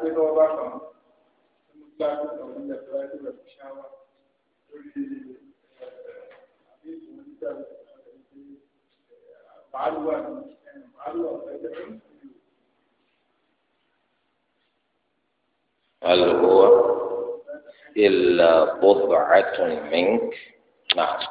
Speaker 2: ṣé tọ́ba kan tí mo gbàgbọ́ kan ní ẹ̀fọ́ ẹ̀sìn rẹ̀ kò ṣáwá lórí àbí ìwọ̀n nígbà tó ń bá a lù wà ní ẹ̀rùn bá a lù wà ní ẹ̀jẹ̀
Speaker 1: هل هو إلا بضعة منك نعم